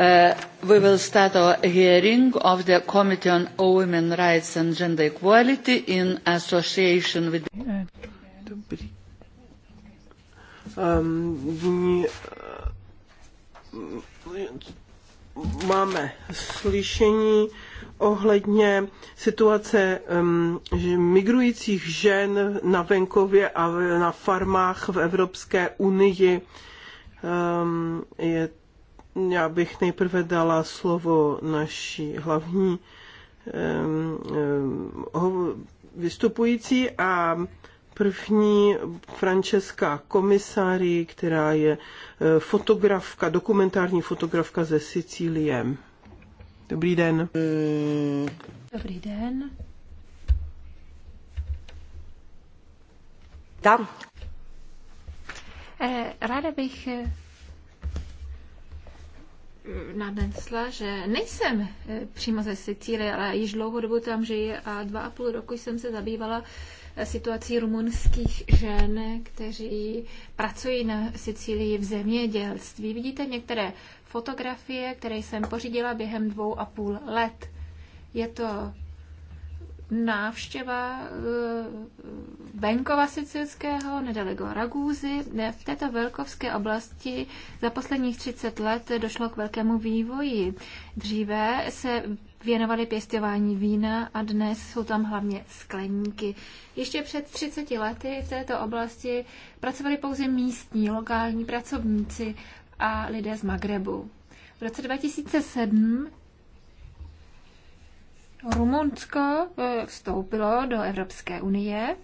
Uh, we will start our hearing of the Committee on Women's Rights and Gender Equality in association with... Eh, dobrý. Um, uh, máme slyšení ohledně situace um, migrujících žen na venkově a na farmách v Evropské unii. Um, je já bych nejprve dala slovo naší hlavní vystupující a první Francesca Komisári, která je e, fotografka, dokumentární fotografka ze Sicílie. Dobrý den. Dobrý den. Tam. Eh, ráda bych eh, nadnesla, že nejsem eh, přímo ze Sicílie, ale již dlouho dobu tam žiji a dva a půl roku jsem se zabývala eh, situací rumunských žen, kteří pracují na Sicílii v zemědělství. Vidíte některé fotografie, které jsem pořídila během dvou a půl let. Je to návštěva eh, venkova sicilského nedaleko Ragúzy. V této velkovské oblasti za posledních 30 let došlo k velkému vývoji. Dříve se věnovali pěstování vína a dnes jsou tam hlavně skleníky. Ještě před 30 lety v této oblasti pracovali pouze místní, lokální pracovníci a lidé z Magrebu. V roce 2007 Rumunsko eh, vstoupilo do Evropské unie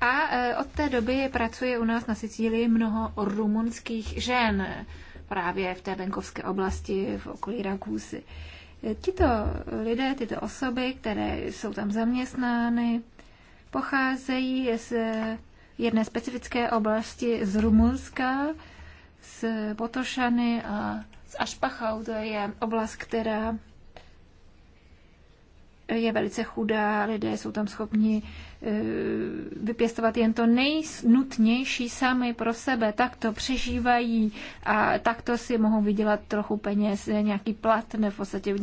a eh, od té doby pracuje u nás na Sicílii mnoho rumunských žen eh, právě v té venkovské oblasti v okolí Rakusy. Tito lidé, tyto osoby, které jsou tam zaměstnány, pocházejí z jedné specifické oblasti z Rumunska, z Potošany a z Ašpachau. To je oblast, která je velice chudá, lidé jsou tam schopni eh, vypěstovat jen to nejnutnější sami pro sebe, tak to přežívají a takto si mohou vydělat trochu peněz, nějaký plat, ne v podstatě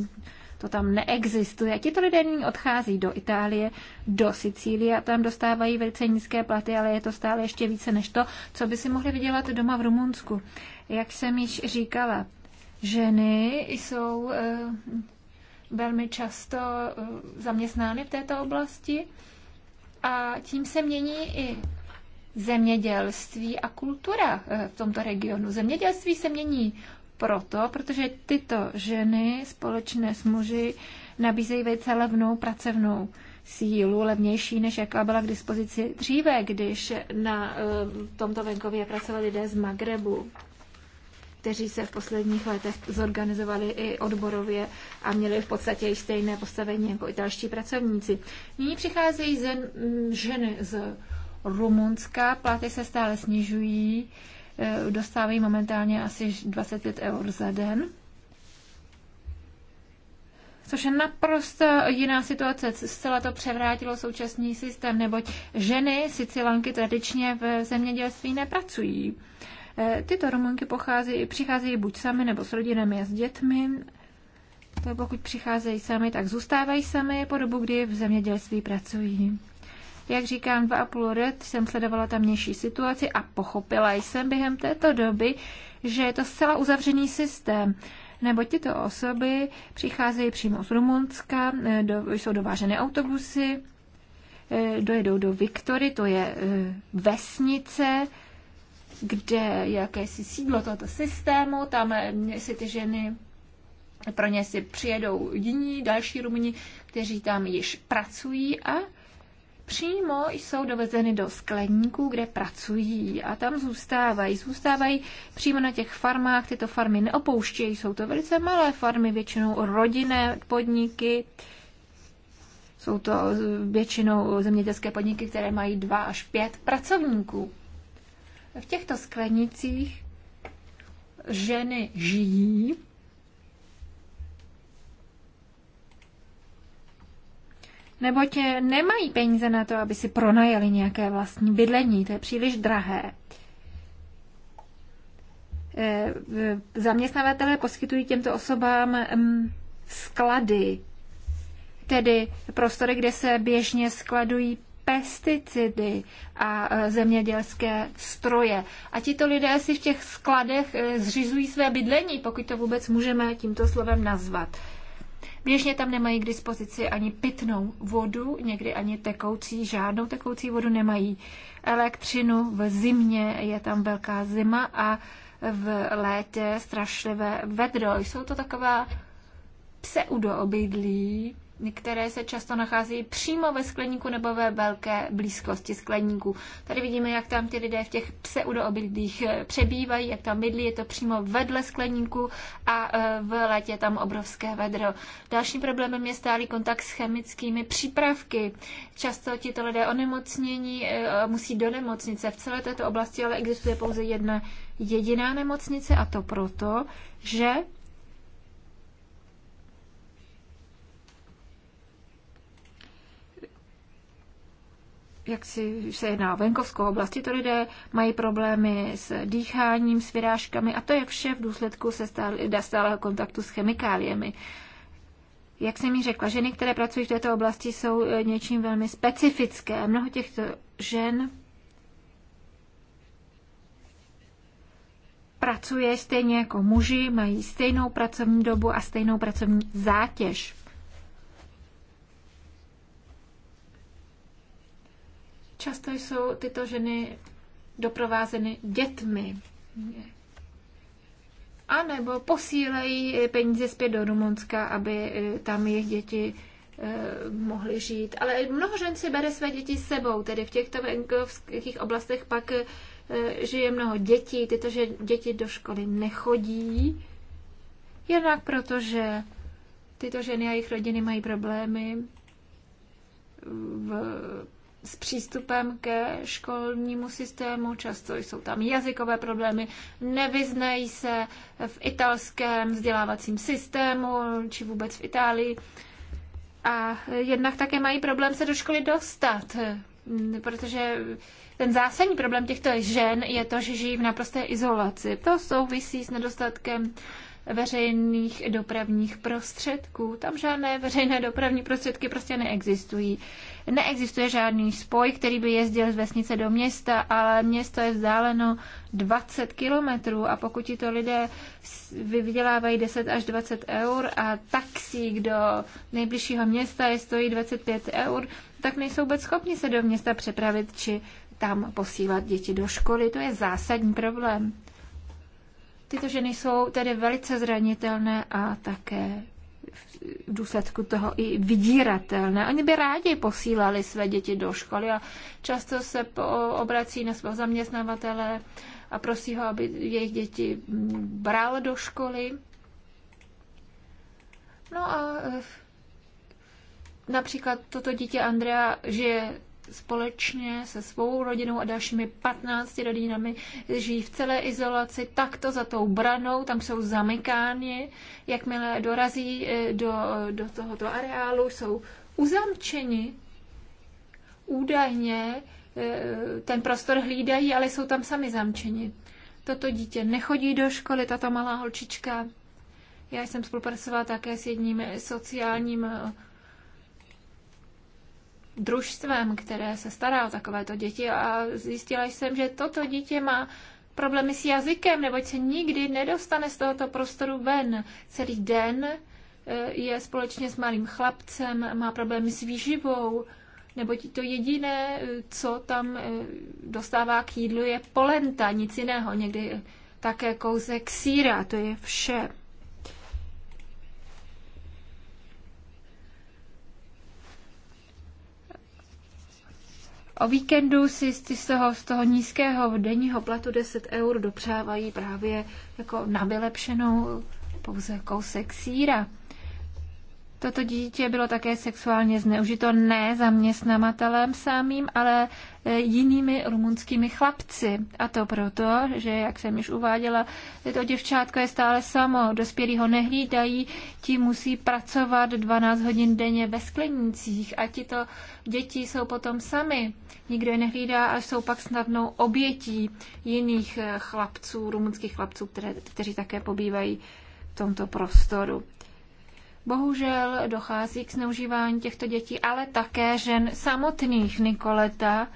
to tam neexistuje. Tito lidé nyní odchází do Itálie, do Sicílie a tam dostávají velice nízké platy, ale je to stále ještě více než to, co by si mohli vydělat doma v Rumunsku. Jak jsem již říkala, ženy jsou eh, velmi často eh, zaměstnány v této oblasti a tím se mění i zemědělství a kultura eh, v tomto regionu. Zemědělství se mění proto, protože tyto ženy společné s muži nabízejí velice levnou pracovnou sílu, levnější, než jaká byla k dispozici dříve, když na eh, tomto venkově pracovali lidé z Magrebu kteří se v posledních letech zorganizovali i odborově a měli v podstatě i stejné postavení jako italští pracovníci. Nyní přicházejí ze, mm, ženy z Rumunska, platy se stále snižují, eh, dostávají momentálně asi 25 eur za den což je naprosto jiná situace. Zcela to převrátilo současný systém, neboť ženy Sicilanky tradičně v zemědělství nepracují. Eh, tyto romonky pocházejí, přicházejí buď sami nebo s rodinami a s dětmi. To pokud přicházejí sami, tak zůstávají sami po dobu, kdy v zemědělství pracují. Jak říkám, dva a půl let jsem sledovala tamnější situaci a pochopila jsem během této doby, že je to zcela uzavřený systém nebo tyto osoby přicházejí přímo z Rumunska, eh, do, jsou dováženy autobusy, eh, dojedou do Viktory, to je vesnice, kde jakési sídlo tohoto systému, tam eh, si ty ženy pro ně si přijedou jiní, další Rumuni, kteří tam již pracují a přímo jsou dovezeny do skleníků, kde pracují a tam zůstávají. Zůstávají přímo na těch farmách, tyto farmy neopouštějí, jsou to velice malé farmy, většinou rodinné podniky, jsou to eh, většinou zemědělské podniky, které mají dva až pět pracovníků. V těchto sklenicích ženy žijí. nebo tě eh, nemají peníze na to, aby si pronajeli nějaké vlastní bydlení. To je příliš drahé. Eh, zaměstnavatelé poskytují těmto osobám mm, sklady, tedy prostory, kde se běžně skladují pesticidy a e, zemědělské stroje. A tito lidé si v těch skladech e, zřizují své bydlení, pokud to vůbec můžeme tímto slovem nazvat. Běžně tam nemají k dispozici ani pitnou vodu, někdy ani tekoucí, žádnou tekoucí vodu nemají. Elektřinu v zimě, je tam velká zima a v létě strašlivé vedro. Jsou to taková pseudoobydlí, které se často nacházejí přímo ve skleníku nebo ve velké blízkosti skleníku. Tady vidíme, jak tam ti lidé v těch pseudoobydlích eh, přebývají, jak tam bydlí, je to přímo vedle skleníku a eh, v létě tam obrovské vedro. Dalším problémem je stálý kontakt s chemickými přípravky. Často tito lidé onemocnění eh, musí do nemocnice. V celé této oblasti ale existuje pouze jedna jediná nemocnice a to proto, že jak si se jedná o venkovskou oblast, tyto lidé mají problémy s dýcháním, s vyrážkami a to je vše v důsledku se stále, stálého kontaktu s chemikáliemi. Jak jsem mi řekla, ženy, které pracují v této oblasti, jsou e, něčím velmi specifické. Mnoho těchto žen pracuje stejně jako muži, mají stejnou pracovní dobu a stejnou pracovní zátěž. Často jsou tyto ženy doprovázeny dětmi. A nebo posílejí peníze zpět do Rumunska, aby eh, tam jejich děti eh, mohli žít. Ale mnoho žen si bere své děti s sebou, tedy v těchto venkovských oblastech pak eh, žije mnoho dětí, tyto že děti do školy nechodí, jednak protože tyto ženy a jejich rodiny mají problémy v s přístupem ke školnímu systému, často jsou tam jazykové problémy, nevyznají se v italském vzdělávacím systému či vůbec v Itálii. A jednak také mají problém se do školy dostat, protože ten zásadní problém těchto žen je to, že žijí v naprosté izolaci. To souvisí s nedostatkem veřejných dopravních prostředků. Tam žádné veřejné dopravní prostředky prostě neexistují neexistuje žádný spoj, který by jezdil z vesnice do města, ale město je vzdáleno 20 kilometrů a pokud ti to lidé vydělávají 10 až 20 eur a taxík do nejbližšího města je stojí 25 eur, tak nejsou vůbec schopni se do města přepravit či tam posílat děti do školy. To je zásadní problém. Tyto ženy jsou tedy velice zranitelné a také v důsledku toho i vydíratelné. Oni by rádi posílali své děti do školy a často se obrací na svého zaměstnavatele a prosí ho, aby jejich děti bral do školy. No a eh, například toto dítě Andrea žije společně se svou rodinou a dalšími 15 rodinami, žijí v celé izolaci, takto za tou branou, tam jsou zamykáni, jakmile dorazí e, do, do tohoto areálu, jsou uzamčeni. Údajně e, ten prostor hlídají, ale jsou tam sami zamčeni. Toto dítě nechodí do školy, tato malá holčička. Já jsem spolupracovala také s jedním sociálním e, družstvem, které se stará o takovéto děti a zjistila jsem, že toto dítě má problémy s jazykem, neboť se nikdy nedostane z tohoto prostoru ven. Celý den e, je společně s malým chlapcem, má problémy s výživou, neboť to jediné, e, co tam e, dostává k jídlu, je polenta, nic jiného. Někdy také kousek síra, to je vše. O víkendu si z toho, z toho nízkého denního platu 10 eur dopřávají právě jako na vylepšenou pouze kousek síra. Toto dítě bylo také sexuálně zneužito ne zaměstnamatelem samým, ale e, jinými rumunskými chlapci. A to proto, že, jak jsem již uváděla, to děvčátko je stále samo, dospělí ho nehlídají, ti musí pracovat 12 hodin denně ve sklenících a tito děti jsou potom sami nikdo je nehlídá a jsou pak snadnou obětí jiných eh, chlapců, rumunských chlapců, které, kteří také pobývají v tomto prostoru. Bohužel dochází k zneužívání těchto dětí, ale také žen samotných. Nikoleta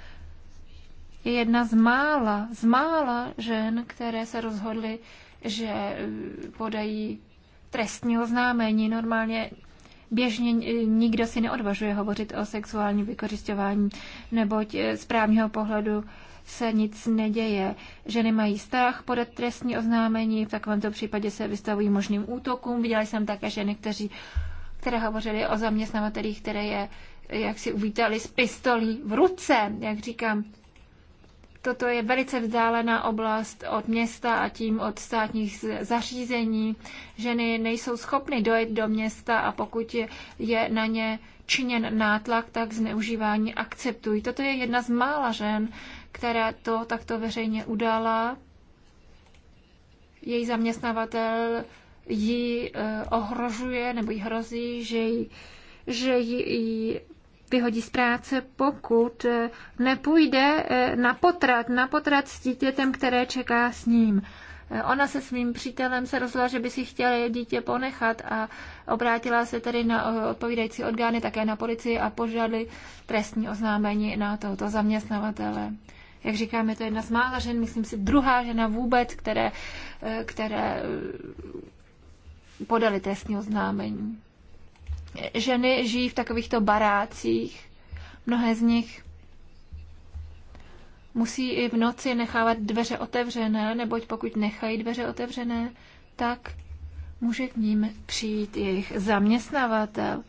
je jedna z mála, z mála žen, které se rozhodly, že eh, podají trestní oznámení. Normálně Běžně nikdo si neodvažuje hovořit o sexuálním vykořišťování, neboť e, z právního pohledu se nic neděje. Ženy mají strach podat trestní oznámení, v takovémto případě se vystavují možným útokům. Viděla jsem také ženy, kteří, které hovořily o zaměstnavatelích, které je jak si uvítali s pistolí v ruce, jak říkám, Toto je velice vzdálená oblast od města a tím od státních zařízení. Ženy nejsou schopny dojet do města a pokud je na ně činěn nátlak, tak zneužívání akceptují. Toto je jedna z mála žen, která to takto veřejně udala. Její zaměstnavatel ji eh, ohrožuje nebo jí hrozí, že ji, že ji, ji vyhodí z práce, pokud eh, nepůjde eh, na potrat, na potrat s dítětem, které čeká s ním. Eh, ona se svým přítelem se rozhodla, že by si chtěla dítě ponechat a obrátila se tedy na odpovídající orgány, také na policii a požádali trestní oznámení na tohoto zaměstnavatele. Jak říkám, je to jedna z mála žen, myslím si druhá žena vůbec, které, které podali trestní oznámení ženy žijí v takovýchto barácích. Mnohé z nich musí i v noci nechávat dveře otevřené, neboť pokud nechají dveře otevřené, tak může k ním přijít jejich zaměstnavatel.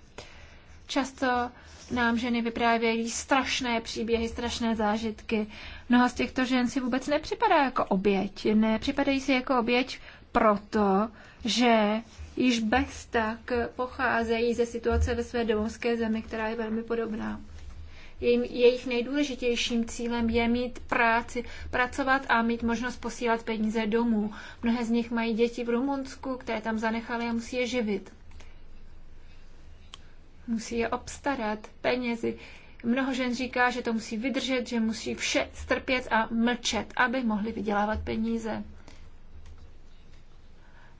Často nám ženy vyprávějí strašné příběhy, strašné zážitky. Mnoho z těchto žen si vůbec nepřipadá jako oběť. Nepřipadají si jako oběť proto, že již bez tak pocházejí ze situace ve své domovské zemi, která je velmi podobná. Jejich nejdůležitějším cílem je mít práci, pracovat a mít možnost posílat peníze domů. Mnohé z nich mají děti v Rumunsku, které tam zanechali a musí je živit. Musí je obstarat penězi. Mnoho žen říká, že to musí vydržet, že musí vše strpět a mlčet, aby mohli vydělávat peníze.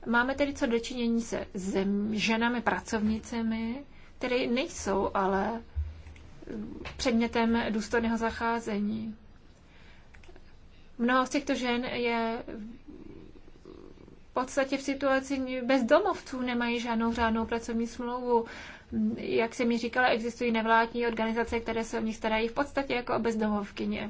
Máme tedy co dočinění se zem, ženami pracovnicemi, které nejsou ale mm, předmětem důstojného zacházení. Mnoho z těchto žen je v podstatě v situaci bezdomovců, nemají žádnou řádnou pracovní smlouvu. Mm, jak jsem mi říkala, existují nevládní organizace, které se o nich starají v podstatě jako o bezdomovkyně.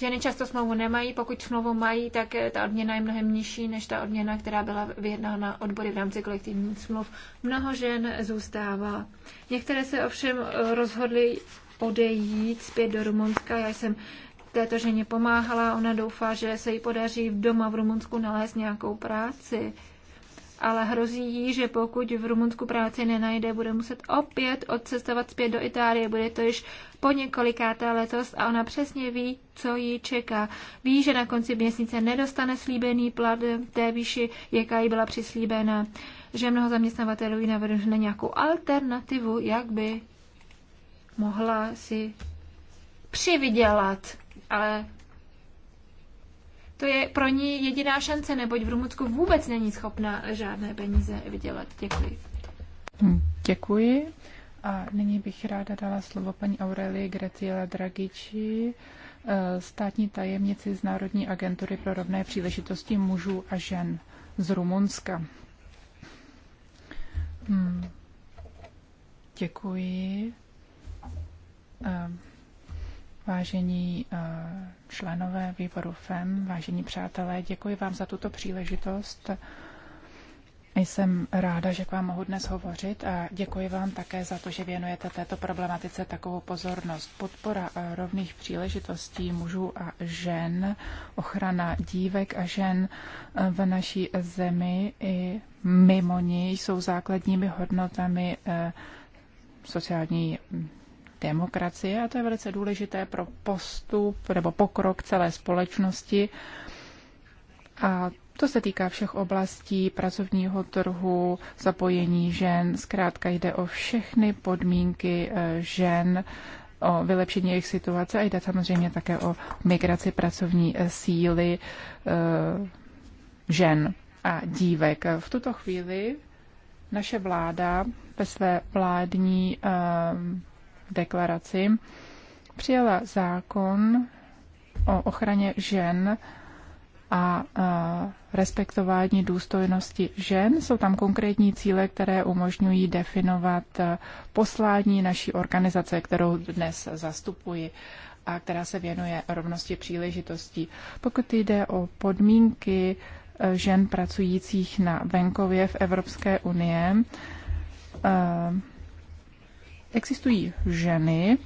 Ženy často smlouvu nemají, pokud smlouvu mají, tak ta odměna je mnohem nižší než ta odměna, která byla vyjednána odbory v rámci kolektivních smluv. Mnoho žen zůstává. Některé se ovšem eh, rozhodly odejít zpět do Rumunska. Já jsem této ženě pomáhala. Ona doufá, že se jí podaří v doma v Rumunsku nalézt nějakou práci ale hrozí jí, že pokud v Rumunsku práci nenajde, bude muset opět odcestovat zpět do Itálie. Bude to již po několikáté letos a ona přesně ví, co ji čeká. Ví, že na konci měsíce nedostane slíbený plat té výši, jaká jí byla přislíbena, že mnoho zaměstnavatelů ji navrhne nějakou alternativu, jak by mohla si přivydělat, ale to je pro ní jediná šance, neboť v Rumunsku vůbec není schopna žádné peníze vydělat. Děkuji. Hm, děkuji. A nyní bych ráda dala slovo paní Aurelii Gretiela Dragici, eh, státní tajemnici z Národní agentury pro rovné příležitosti mužů a žen z Rumunska. Hmm. Děkuji. Eh, Vážení eh, členové výboru FEM, vážení přátelé, děkuji vám za tuto příležitost. Jsem ráda, že k vám mohu dnes hovořit a děkuji vám také za to, že věnujete této problematice takovou pozornost. Podpora eh, rovných příležitostí mužů a žen, ochrana dívek a žen eh, v naší zemi i mimo ní jsou základními hodnotami sociální demokracie a to je velice důležité pro postup nebo pokrok celé společnosti. A to se týká všech oblastí pracovního trhu, zapojení žen, zkrátka jde o všechny podmínky eh, žen, o vylepšení jejich situace a jde samozřejmě také o migraci pracovní eh, síly eh, žen a dívek. V tuto chvíli naše vláda ve své vládní deklaraci přijala zákon o ochraně žen a, respektování důstojnosti žen. Jsou tam konkrétní cíle, které umožňují definovat e, poslání naší organizace, kterou dnes zastupuji a která se věnuje rovnosti příležitostí. Pokud jde o podmínky e, žen pracujících na venkově v Evropské unie, e, existují ženy,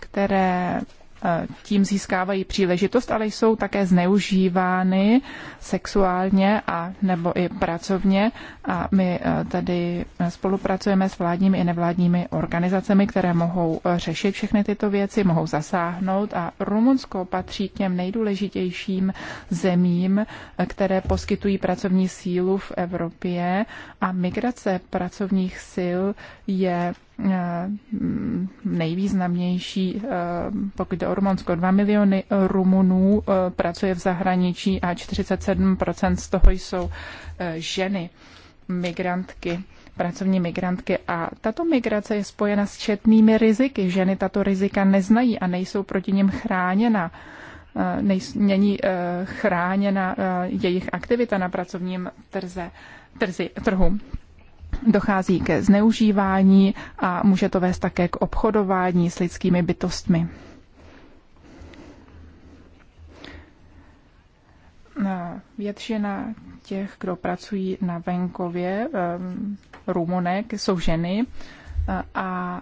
které eh, tím získávají příležitost, ale jsou také zneužívány sexuálně a nebo i pracovně. A my eh, tady spolupracujeme s vládními i nevládními organizacemi, které mohou eh, řešit všechny tyto věci, mohou zasáhnout. A Rumunsko patří k těm nejdůležitějším zemím, které poskytují pracovní sílu v Evropě a migrace pracovních sil je eh, nejvýznamnější, eh, pokud jde o Rumunsko. 2 miliony Rumunů eh, pracuje v zahraničí a 47% z toho jsou ženy, migrantky pracovní migrantky a tato migrace je spojena s četnými riziky. Ženy tato rizika neznají a nejsou proti nim chráněna. není chráněna jejich aktivita na pracovním trze, trzi, trhu dochází ke zneužívání a může to vést také k obchodování s lidskými bytostmi. Většina těch, kdo pracují na venkově, ehm, Rumunek, jsou ženy a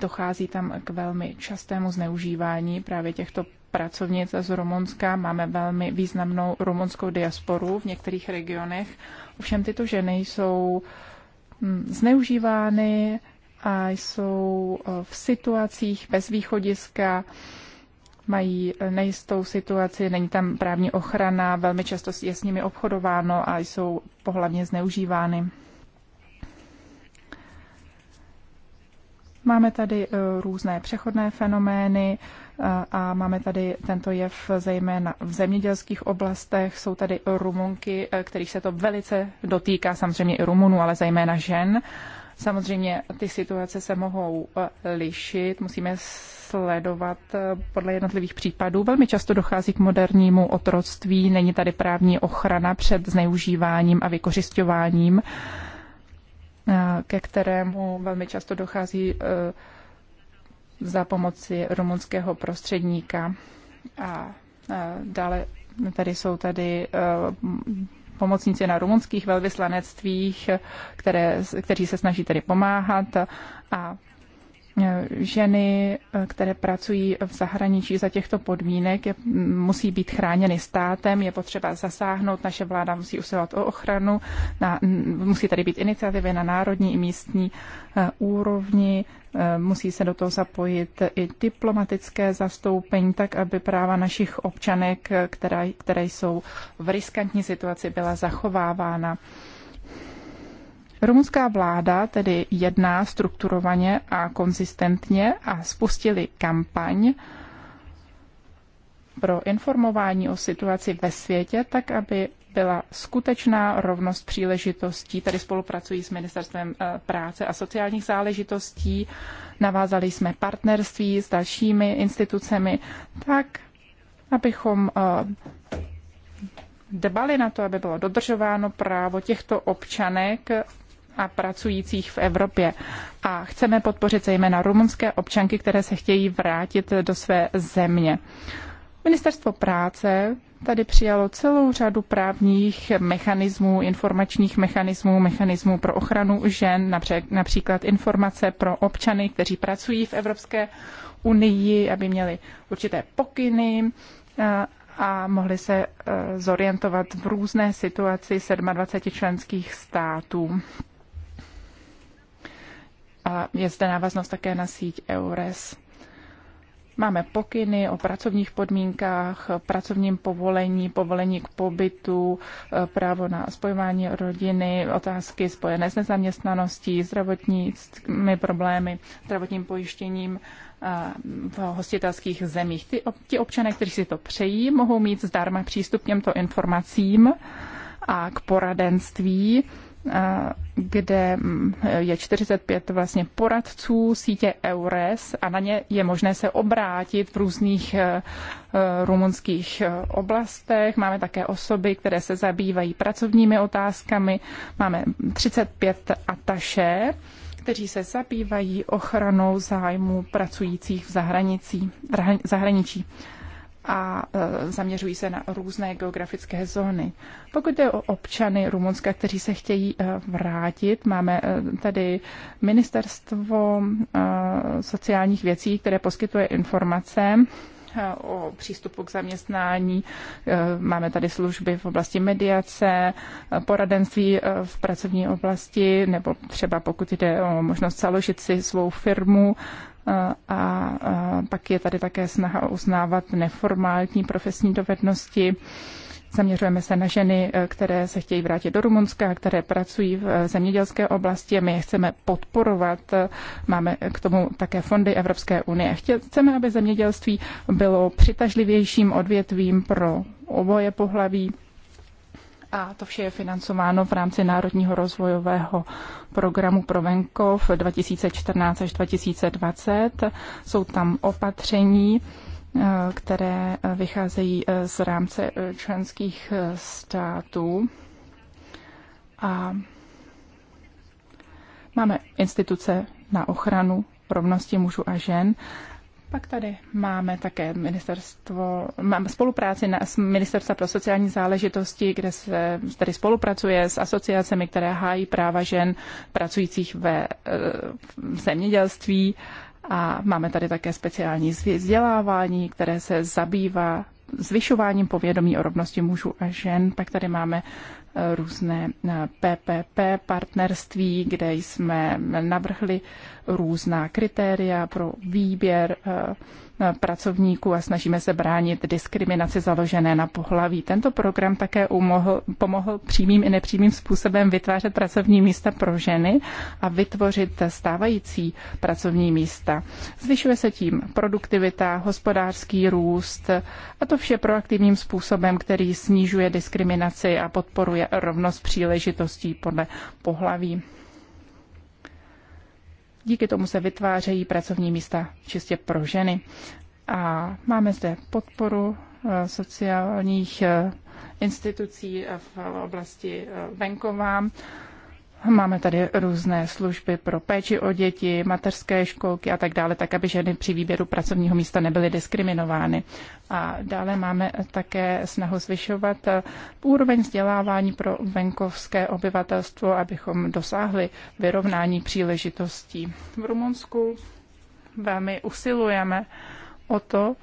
dochází tam k velmi častému zneužívání právě těchto pracovnic z Rumunska. Máme velmi významnou rumunskou diasporu v některých regionech. Ovšem tyto ženy jsou uh, Mm, zneužívány a jsou eh, v situacích bez východiska, mají nejistou situaci, není tam právní ochrana, velmi často je s nimi obchodováno a jsou pohlavně zneužívány. Máme tady eh, různé přechodné fenomény, a máme tady tento jev zejména v zemědělských oblastech. Jsou tady rumunky, eh, kterých se to velice dotýká, samozřejmě i Rumunů, ale zejména žen. Samozřejmě ty situace se mohou eh, lišit, musíme sledovat eh, podle jednotlivých případů. Velmi často dochází k modernímu otroctví, není tady právní ochrana před zneužíváním a vykořišťováním, ke kterému velmi často dochází za pomoci rumunského prostředníka. A dále tady jsou tady e, pomocníci na rumunských velvyslanectvích, které, kteří se snaží tedy pomáhat a e, ženy, e, které pracují v zahraničí za těchto podmínek, je, musí být chráněny státem, je potřeba zasáhnout, naše vláda musí usilovat o ochranu, na, musí tady být iniciativy na národní i místní úrovni, Musí se do toho zapojit i diplomatické zastoupení, tak aby práva našich občanek, které, které jsou v riskantní situaci, byla zachovávána. Rumunská vláda tedy jedná strukturovaně a konzistentně a spustili kampaň pro informování o situaci ve světě, tak aby byla skutečná rovnost příležitostí. Tady spolupracují s Ministerstvem eh, práce a sociálních záležitostí. Navázali jsme partnerství s dalšími institucemi tak, abychom eh, dbali na to, aby bylo dodržováno právo těchto občanek a pracujících v Evropě. A chceme podpořit zejména rumunské občanky, které se chtějí vrátit do své země. Ministerstvo práce tady přijalo celou řadu právních mechanismů, informačních mechanismů, mechanismů pro ochranu žen, například informace pro občany, kteří pracují v Evropské unii, aby měli určité pokyny eh, a mohli se eh, zorientovat v různé situaci 27 členských států. A je zde návaznost také na síť EURES. Máme pokyny o pracovních podmínkách, pracovním povolení, povolení k pobytu, eh, právo na spojování rodiny, otázky spojené s nezaměstnaností, zdravotními problémy, zdravotním pojištěním eh, v hostitelských zemích. Ty, ti občané, kteří si to přejí, mohou mít zdarma přístup k těmto informacím a k poradenství kde je 45 vlastně poradců sítě EURES a na ně je možné se obrátit v různých eh, rumunských eh, oblastech. Máme také osoby, které se zabývají pracovními otázkami. Máme 35 ataše, kteří se zabývají ochranou zájmu pracujících v zahraničí. zahraničí a e, zaměřují se na různé geografické zóny. Pokud jde o občany Rumunska, kteří se chtějí e, vrátit, máme e, tady ministerstvo sociálních věcí, které poskytuje informace o přístupu k zaměstnání. Máme tady služby v oblasti mediace, poradenství v pracovní oblasti, nebo třeba pokud jde o možnost založit si svou firmu, a pak je tady také snaha uznávat neformální profesní dovednosti. Zaměřujeme se na ženy, eh, které se chtějí vrátit do Rumunska, které pracují v eh, zemědělské oblasti a my je chceme podporovat. Máme k tomu také fondy Evropské unie. Chceme, aby zemědělství bylo přitažlivějším odvětvím pro oboje pohlaví a to vše je financováno v rámci Národního rozvojového programu pro venkov 2014 až 2020. Jsou tam opatření, e, které vycházejí e, z rámce e, členských států. A máme instituce na ochranu rovnosti mužů a žen pak tady máme také ministerstvo, máme spolupráci na, s Ministerstva pro sociální záležitosti, kde se tady spolupracuje s asociacemi, které hájí práva žen pracujících ve eh, v zemědělství. A máme tady také speciální vzdělávání, které se zabývá zvyšováním povědomí o rovnosti mužů a žen. Pak tady máme různé PPP eh, partnerství, kde jsme navrhli různá kritéria pro výběr eh, pracovníků a snažíme se bránit diskriminaci založené na pohlaví. Tento program také umohl, pomohl přímým i nepřímým způsobem vytvářet pracovní místa pro ženy a vytvořit stávající pracovní místa. Zvyšuje se tím produktivita, hospodářský růst a to vše proaktivním způsobem, který snižuje diskriminaci a podporuje rovnost příležitostí podle pohlaví. Díky tomu se vytvářejí pracovní místa čistě pro ženy. A máme zde podporu eh, sociálních eh, institucí eh, v oblasti venková. Máme tady různé služby pro péči o děti, mateřské školky a tak dále, tak aby ženy při výběru pracovního místa nebyly diskriminovány. A dále máme také snahu zvyšovat úroveň vzdělávání pro venkovské obyvatelstvo, abychom dosáhli vyrovnání příležitostí. V Rumunsku velmi usilujeme o to,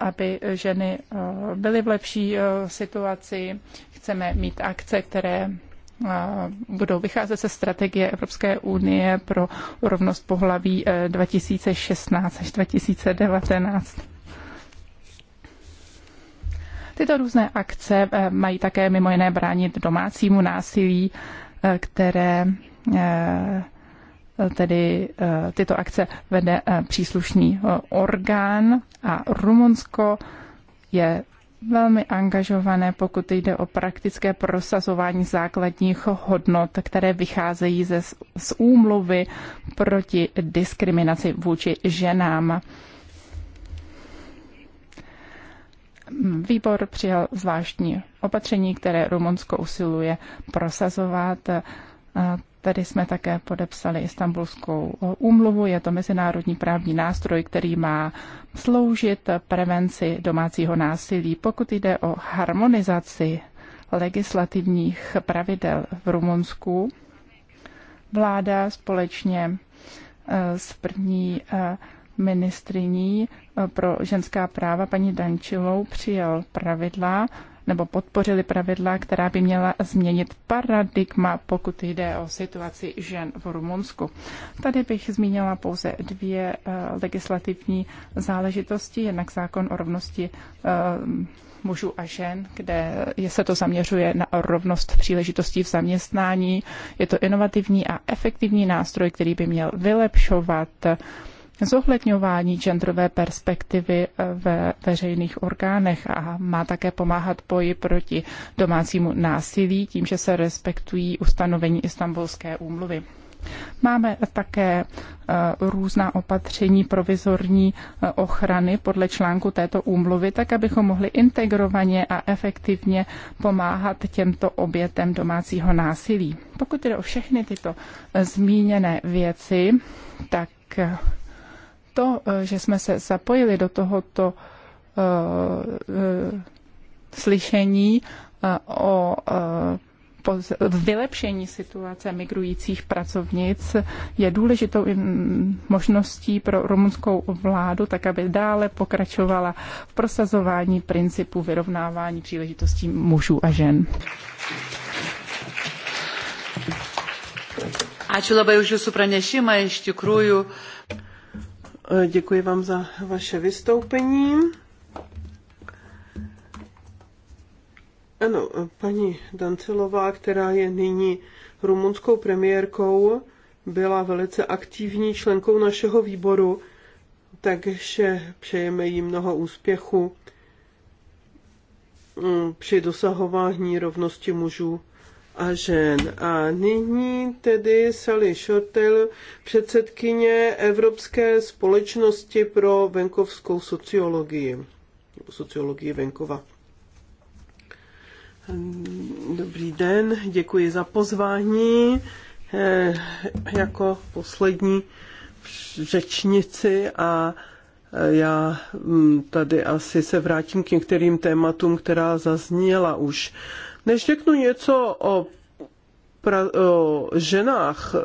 aby ženy byly v lepší eh, situaci. Chceme mít akce, které budou vycházet ze strategie Evropské unie pro rovnost pohlaví 2016 eh, až 2019. Tyto různé akce eh, mají také mimo jiné bránit domácímu násilí, eh, které tedy tyto akce vede příslušný orgán a Rumunsko je velmi angažované, pokud jde o praktické prosazování základních hodnot, které vycházejí ze, z úmluvy proti diskriminaci vůči ženám. Výbor přijal zvláštní opatření, které Rumunsko usiluje prosazovat. Tady jsme také podepsali Istanbulskou úmluvu. Je to mezinárodní právní nástroj, který má sloužit prevenci domácího násilí. Pokud jde o harmonizaci legislativních pravidel v Rumunsku, vláda společně eh, s první eh, ministriní eh, pro ženská práva paní Dančilou přijal pravidla nebo podpořili pravidla, která by měla změnit paradigma, pokud jde o situaci žen v Rumunsku. Tady bych zmínila pouze dvě eh, legislativní záležitosti, jednak zákon o rovnosti eh, mužů a žen, kde se to zaměřuje na rovnost příležitostí v zaměstnání. Je to inovativní a efektivní nástroj, který by měl vylepšovat zohledňování genderové perspektivy eh, ve veřejných orgánech a má také pomáhat boji proti domácímu násilí tím, že se respektují ustanovení Istanbulské úmluvy. Máme také eh, různá opatření provizorní eh, ochrany podle článku této úmluvy, tak abychom mohli integrovaně a efektivně pomáhat těmto obětem domácího násilí. Pokud jde o všechny tyto zmíněné věci, tak to, eh, že jsme se zapojili do tohoto eh, eh, slyšení o vylepšení situace migrujících pracovnic je důležitou možností pro rumunskou vládu, tak aby dále pokračovala v prosazování principu vyrovnávání příležitostí mužů a žen. Ačiū labai už jūsų pranešimą. Iš tikrųjų, uh, Eh, děkuji vám za vaše vystoupení. Ano, paní Dancilová, která je nyní rumunskou premiérkou, byla velice aktivní členkou našeho výboru, takže přejeme jí mnoho úspěchu mm, při dosahování rovnosti mužů a žen. A nyní tedy Sally Shortel, předsedkyně Evropské společnosti pro venkovskou sociologii, nebo sociologii venkova. Dobrý den, děkuji za pozvání. Eh, jako poslední řečnici a eh, já mm, tady asi se vrátím k některým tématům, která zazněla už. Než řeknu něco o pra, o ženách e,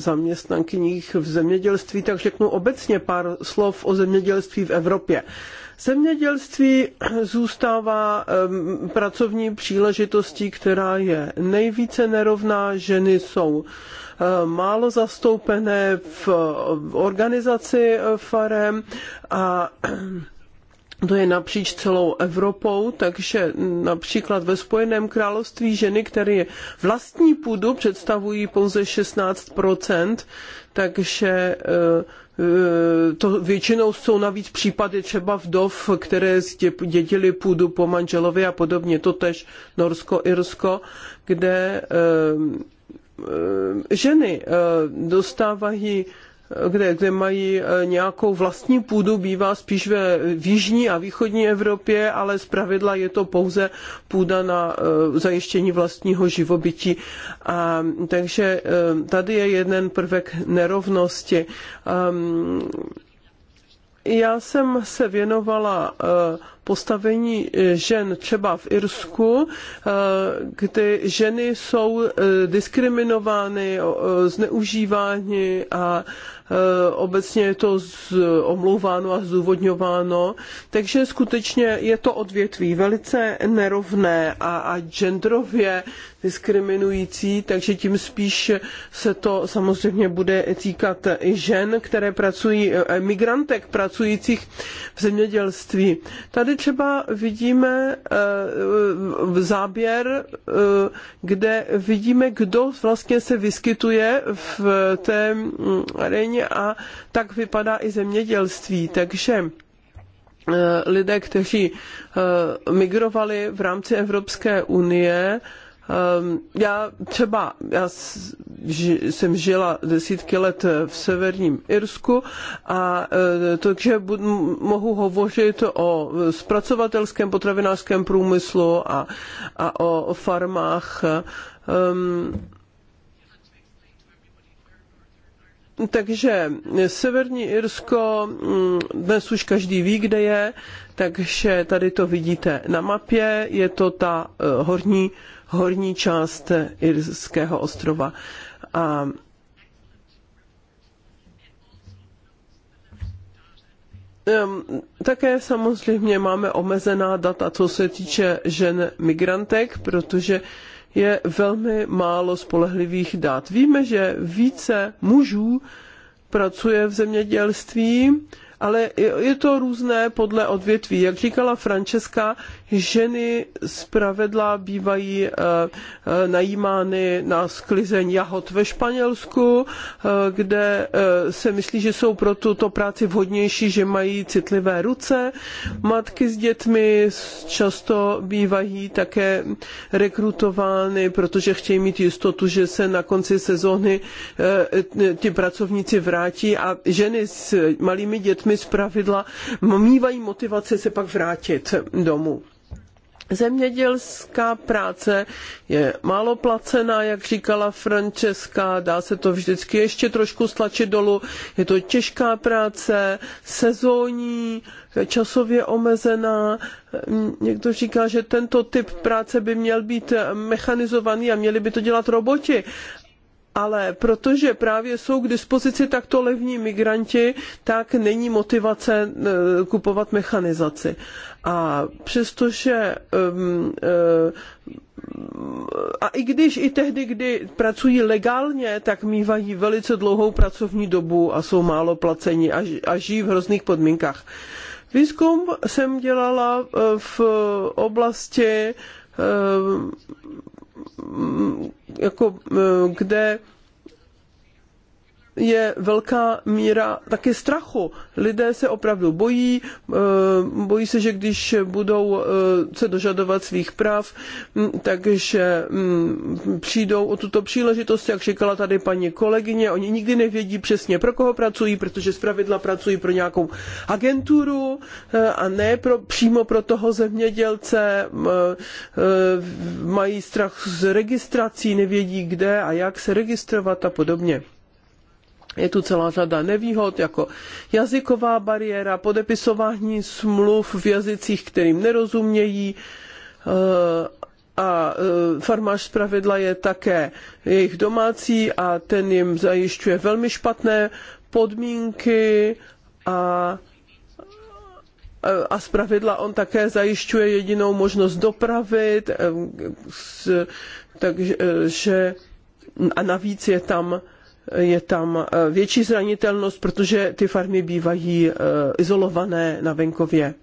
zaměstnankyních v zemědělství, tak řeknu obecně pár slov o zemědělství v Evropě. Zemědělství zůstává pracovní příležitostí, která je nejvíce nerovná. Ženy jsou e, málo zastoupené v organizaci e, farem a to je napříč celou Evropou, takže například ve Spojeném království ženy, které vlastní půdu, představují pouze 16%, takže eh, eh, to většinou jsou navíc případy třeba vdov, které dědili půdu po manželovi a podobně, to tež Norsko, Irsko, kde eh, ženy dostávají kde, kde mají eh, nějakou vlastní půdu, bývá spíš ve v jižní a východní Evropě, ale pravidla je to pouze půda na eh, zajištění vlastního živobytí. A, takže eh, tady je jeden prvek nerovnosti. Ehm, já jsem se věnovala postavení žen třeba v Irsku, kdy ženy jsou diskriminovány, zneužívány a Eh, obecně je to omlouváno a zdůvodňováno. Takže skutečně je to odvětví velice nerovné a, a genderově diskriminující, takže tím spíš se to samozřejmě bude týkat i žen, které pracují, eh, migrantek pracujících v zemědělství. Tady třeba vidíme eh, záběr, eh, kde vidíme, kdo vlastně se vyskytuje v té mm, aréně a tak vypadá i zemědělství. Takže lidé, kteří migrovali v rámci Evropské unie, Ehm, já třeba já jsem žila desítky let v severním Irsku a e, takže budu, mohu hovořit o zpracovatelském potravinářském průmyslu a, a o farmách. Um, takže Severní Irsko mm, dnes už každý ví, kde je, takže tady to vidíte na mapě, je to ta e, horní horní část Irského ostrova. A Také samozřejmě máme omezená data, co se týče žen migrantek, protože je velmi málo spolehlivých dat. Víme, že více mužů pracuje v zemědělství, ale je to různé podle odvětví. Jak říkala Francesca, ženy pravidla bývají eh, eh, najímány na sklizeň jahod ve Španělsku, eh, kde se myslí, že jsou pro tuto práci vhodnější, že mají citlivé ruce. Matky s dětmi často bývají také rekrutovány, protože chtějí mít jistotu, že se na konci sezóny ti pracovníci vrátí a ženy s malými dětmi dětmi zpravidla mývají motivaci se pak vrátit domů. Zemědělská práce je málo placená, jak říkala Francesca, dá se to vždycky ještě trošku stlačit dolů. Je to těžká práce, sezónní, časově omezená. Někdo říká, že tento typ práce by měl být mechanizovaný a měli by to dělat roboti, ale protože právě jsou k dispozici takto levní migranti, tak není motivace e, kupovat mechanizaci. A přestože e, a i když i tehdy, kdy pracují legálně, tak mývají velice dlouhou pracovní dobu a jsou málo placeni a žijí v hrozných podmínkách. Výzkum jsem dělala e, v oblasti jako, eh, kde je velká míra taky strachu. Lidé se opravdu bojí, eh, bojí se, že když budou eh, se dožadovat svých práv, hm, takže hm, přijdou o tuto příležitost, jak říkala tady paní kolegyně, oni nikdy nevědí přesně, pro koho pracují, protože zpravidla pracují pro nějakou agenturu eh, a ne pro, přímo pro toho zemědělce, mají strach z registrací, nevědí kde a jak se registrovat a podobně. Je tu celá řada nevýhod, jako jazyková bariéra, podepisování smluv v jazycích, kterým nerozumějí, eh, a eh, farmář zpravidla je také jejich domácí a ten jim zajišťuje velmi špatné podmínky a eh, a zpravidla on také zajišťuje jedinou možnost dopravit, takže a navíc je tam je tam eh, větší zranitelnost, protože ty farmy bývají eh, izolované na venkově.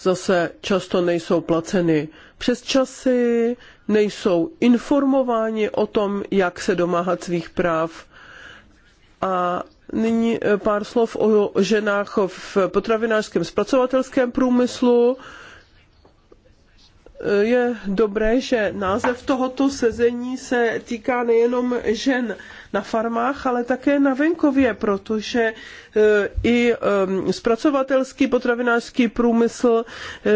Zase často nejsou placeny přes časy, nejsou informováni o tom, jak se domáhat svých práv. A nyní eh, pár slov o ženách v potravinářském zpracovatelském průmyslu je dobré, že název tohoto sezení se týká nejenom žen na farmách, ale také na venkově, protože e, i zpracovatelský potravinářský průmysl e,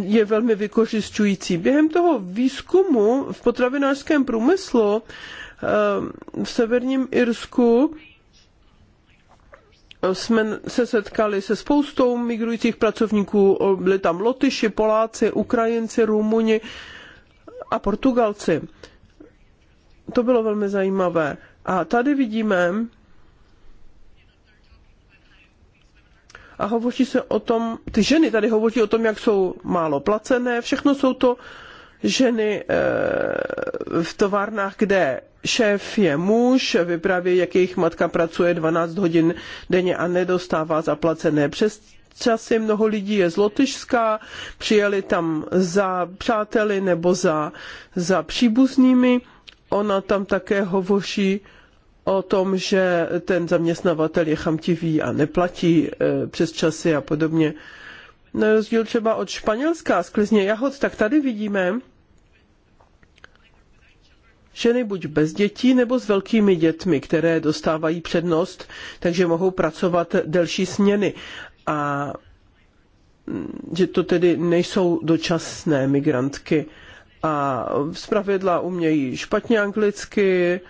je velmi vykořišťující. Během toho výzkumu v potravinářském průmyslu e, v severním Irsku jsme se setkali se spoustou migrujících pracovníků, byli tam Lotyši, Poláci, Ukrajinci, Rumuni a Portugalci. To bylo velmi zajímavé. A tady vidíme, a hovoří se o tom, ty ženy tady hovoří o tom, jak jsou málo placené, všechno jsou to ženy eh, v továrnách, kde šéf je muž, vypráví, jak jejich matka pracuje 12 hodin denně a nedostává zaplacené přes časy. Mnoho lidí je z Lotyšska, přijeli tam za přáteli nebo za, za příbuznými. Ona tam také hovoří o tom, že ten zaměstnavatel je chamtivý a neplatí e, přes časy a podobně. Na rozdíl třeba od španělska sklizně jahod, tak tady vidíme, ženy buď bez dětí nebo s velkými dětmi, které dostávají přednost, takže mohou pracovat delší směny. A že to tedy nejsou dočasné migrantky. A zpravidla umějí špatně anglicky,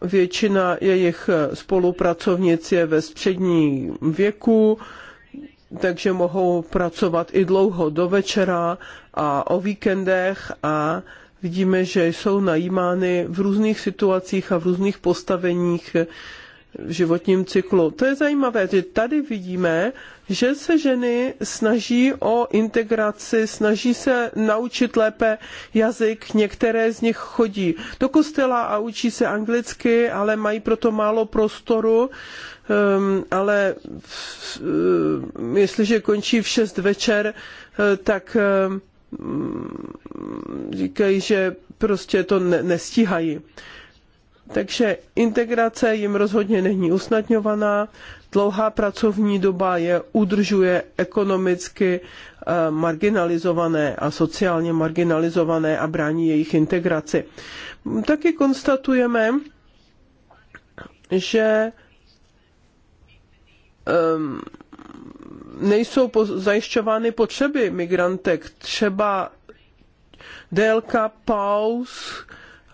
většina jejich spolupracovnic je ve středním věku, takže mohou pracovat i dlouho do večera a o víkendech a Vidíme, že jsou najímány v různých situacích a v různých postaveních eh, v životním cyklu. To je zajímavé, že tady vidíme, že se ženy snaží o integraci, snaží se naučit lépe jazyk, některé z nich chodí do kostela a učí se anglicky, ale mají proto málo prostoru, ehm, ale ehm, jestliže končí v 6 večer, eh, tak ehm, Mm, říkají, že prostě to ne, nestíhají. Takže integrace jim rozhodně není usnadňovaná, dlouhá pracovní doba je udržuje ekonomicky eh, marginalizované a sociálně marginalizované a brání jejich integraci. Taky konstatujeme, že ehm, nejsou zajišťovány potřeby migrantek. Třeba délka pauz,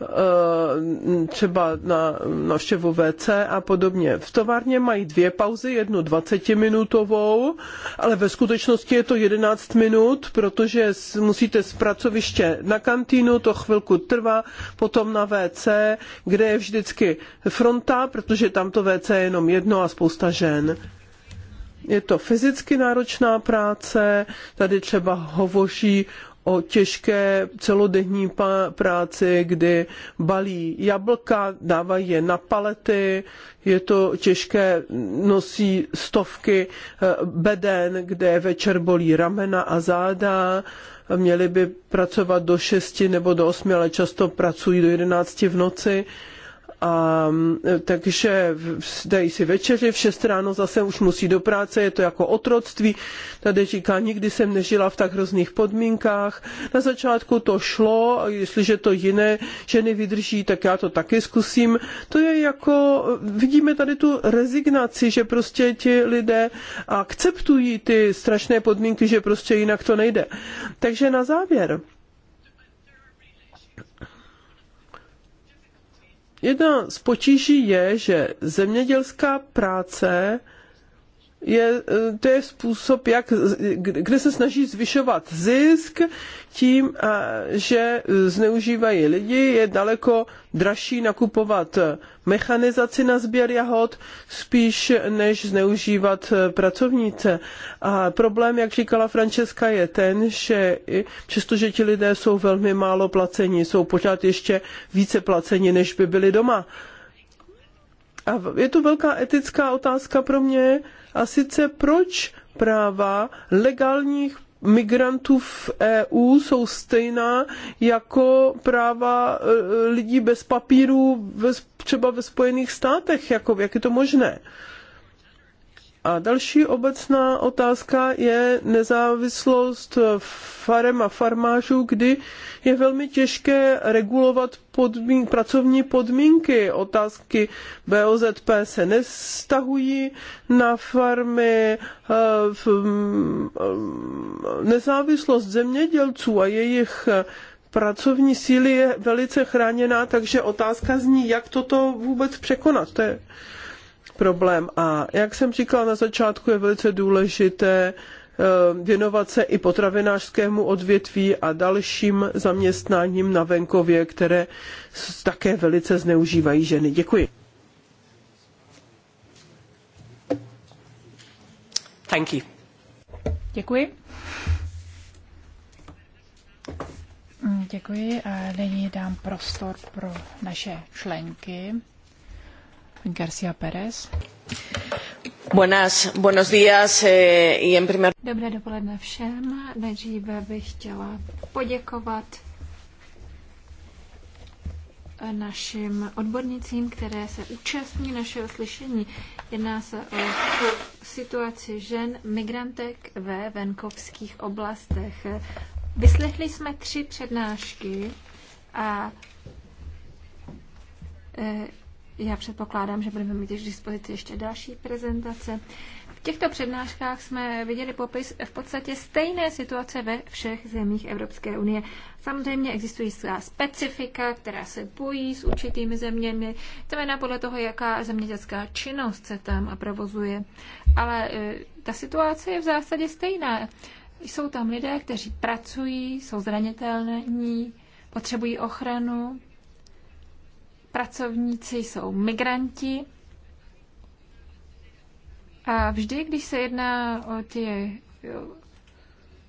eh, třeba na návštěvu WC a podobně. V továrně mají dvě pauzy, jednu 20-minutovou, ale ve skutečnosti je to 11 minut, protože musíte z pracoviště na kantýnu, to chvilku trvá, potom na WC, kde je vždycky fronta, protože tam to WC je jenom jedno a spousta žen je to fyzicky náročná práce, tady třeba hovoří o těžké celodenní práci, kdy balí jablka, dávají je na palety, je to těžké, nosí stovky eh, beden, kde večer bolí ramena a záda, měli by pracovat do šesti nebo do osmi, ale často pracují do jedenácti v noci. A, ehm, takže dají si večeři, v 6 ráno zase už musí do práce, je to jako otroctví. Tady říká, nikdy jsem nežila v tak hrozných podmínkách. Na začátku to šlo, a jestliže to jiné ženy vydrží, tak já to taky zkusím. To je jako, vidíme tady tu rezignaci, že prostě ti lidé akceptují ty strašné podmínky, že prostě jinak to nejde. Takže na závěr. Jedna z potíží je, že zemědělská práce je, eh, to je způsob, jak, kde se snaží zvyšovat zisk tím, eh, že eh, zneužívají lidi, je daleko dražší nakupovat mechanizaci na sběr jahod, spíš než zneužívat pracovnice. A problém, jak říkala Francesca, je ten, že přestože ti lidé jsou velmi málo placeni, jsou pořád ještě více placeni, než by byli doma a je to velká etická otázka pro mě, a sice proč práva legálních migrantů v EU jsou stejná jako práva e, lidí bez papírů třeba ve Spojených státech, jako jak je to možné? A další obecná otázka je nezávislost farem a farmářů, kdy je velmi těžké regulovat podmín, pracovní podmínky. Otázky BOZP se nestahují na farmy. Eh, mm, nezávislost zemědělců a jejich pracovní síly je velice chráněná, takže otázka zní, jak toto vůbec překonat. To je problém. A jak jsem říkala na začátku, je velice důležité eh, věnovat se i potravinářskému odvětví a dalším zaměstnáním na venkově, které také velice zneužívají ženy. Děkuji. Thank you. Děkuji. Děkuji a nyní dám prostor pro naše členky García Pérez. Buenas, buenos días eh, y en primer... Dobré dopoledne všem. Nejdříve bych chtěla poděkovat našim odbornicím, které se účastní našeho slyšení. Jedná se o situaci žen migrantek ve venkovských oblastech. Vyslechli jsme tři přednášky a eh, já předpokládám, že budeme mít k dispozici ještě další prezentace. V těchto přednáškách jsme viděli popis v podstatě stejné situace ve všech zemích Evropské unie. Samozřejmě existují svá specifika, která se bojí s určitými zeměmi, znamená podle toho, jaká zemědělská činnost se tam a provozuje. Ale e, ta situace je v zásadě stejná. Jsou tam lidé, kteří pracují, jsou zranitelní, potřebují ochranu, pracovníci jsou migranti. A vždy, když se jedná o ty eh,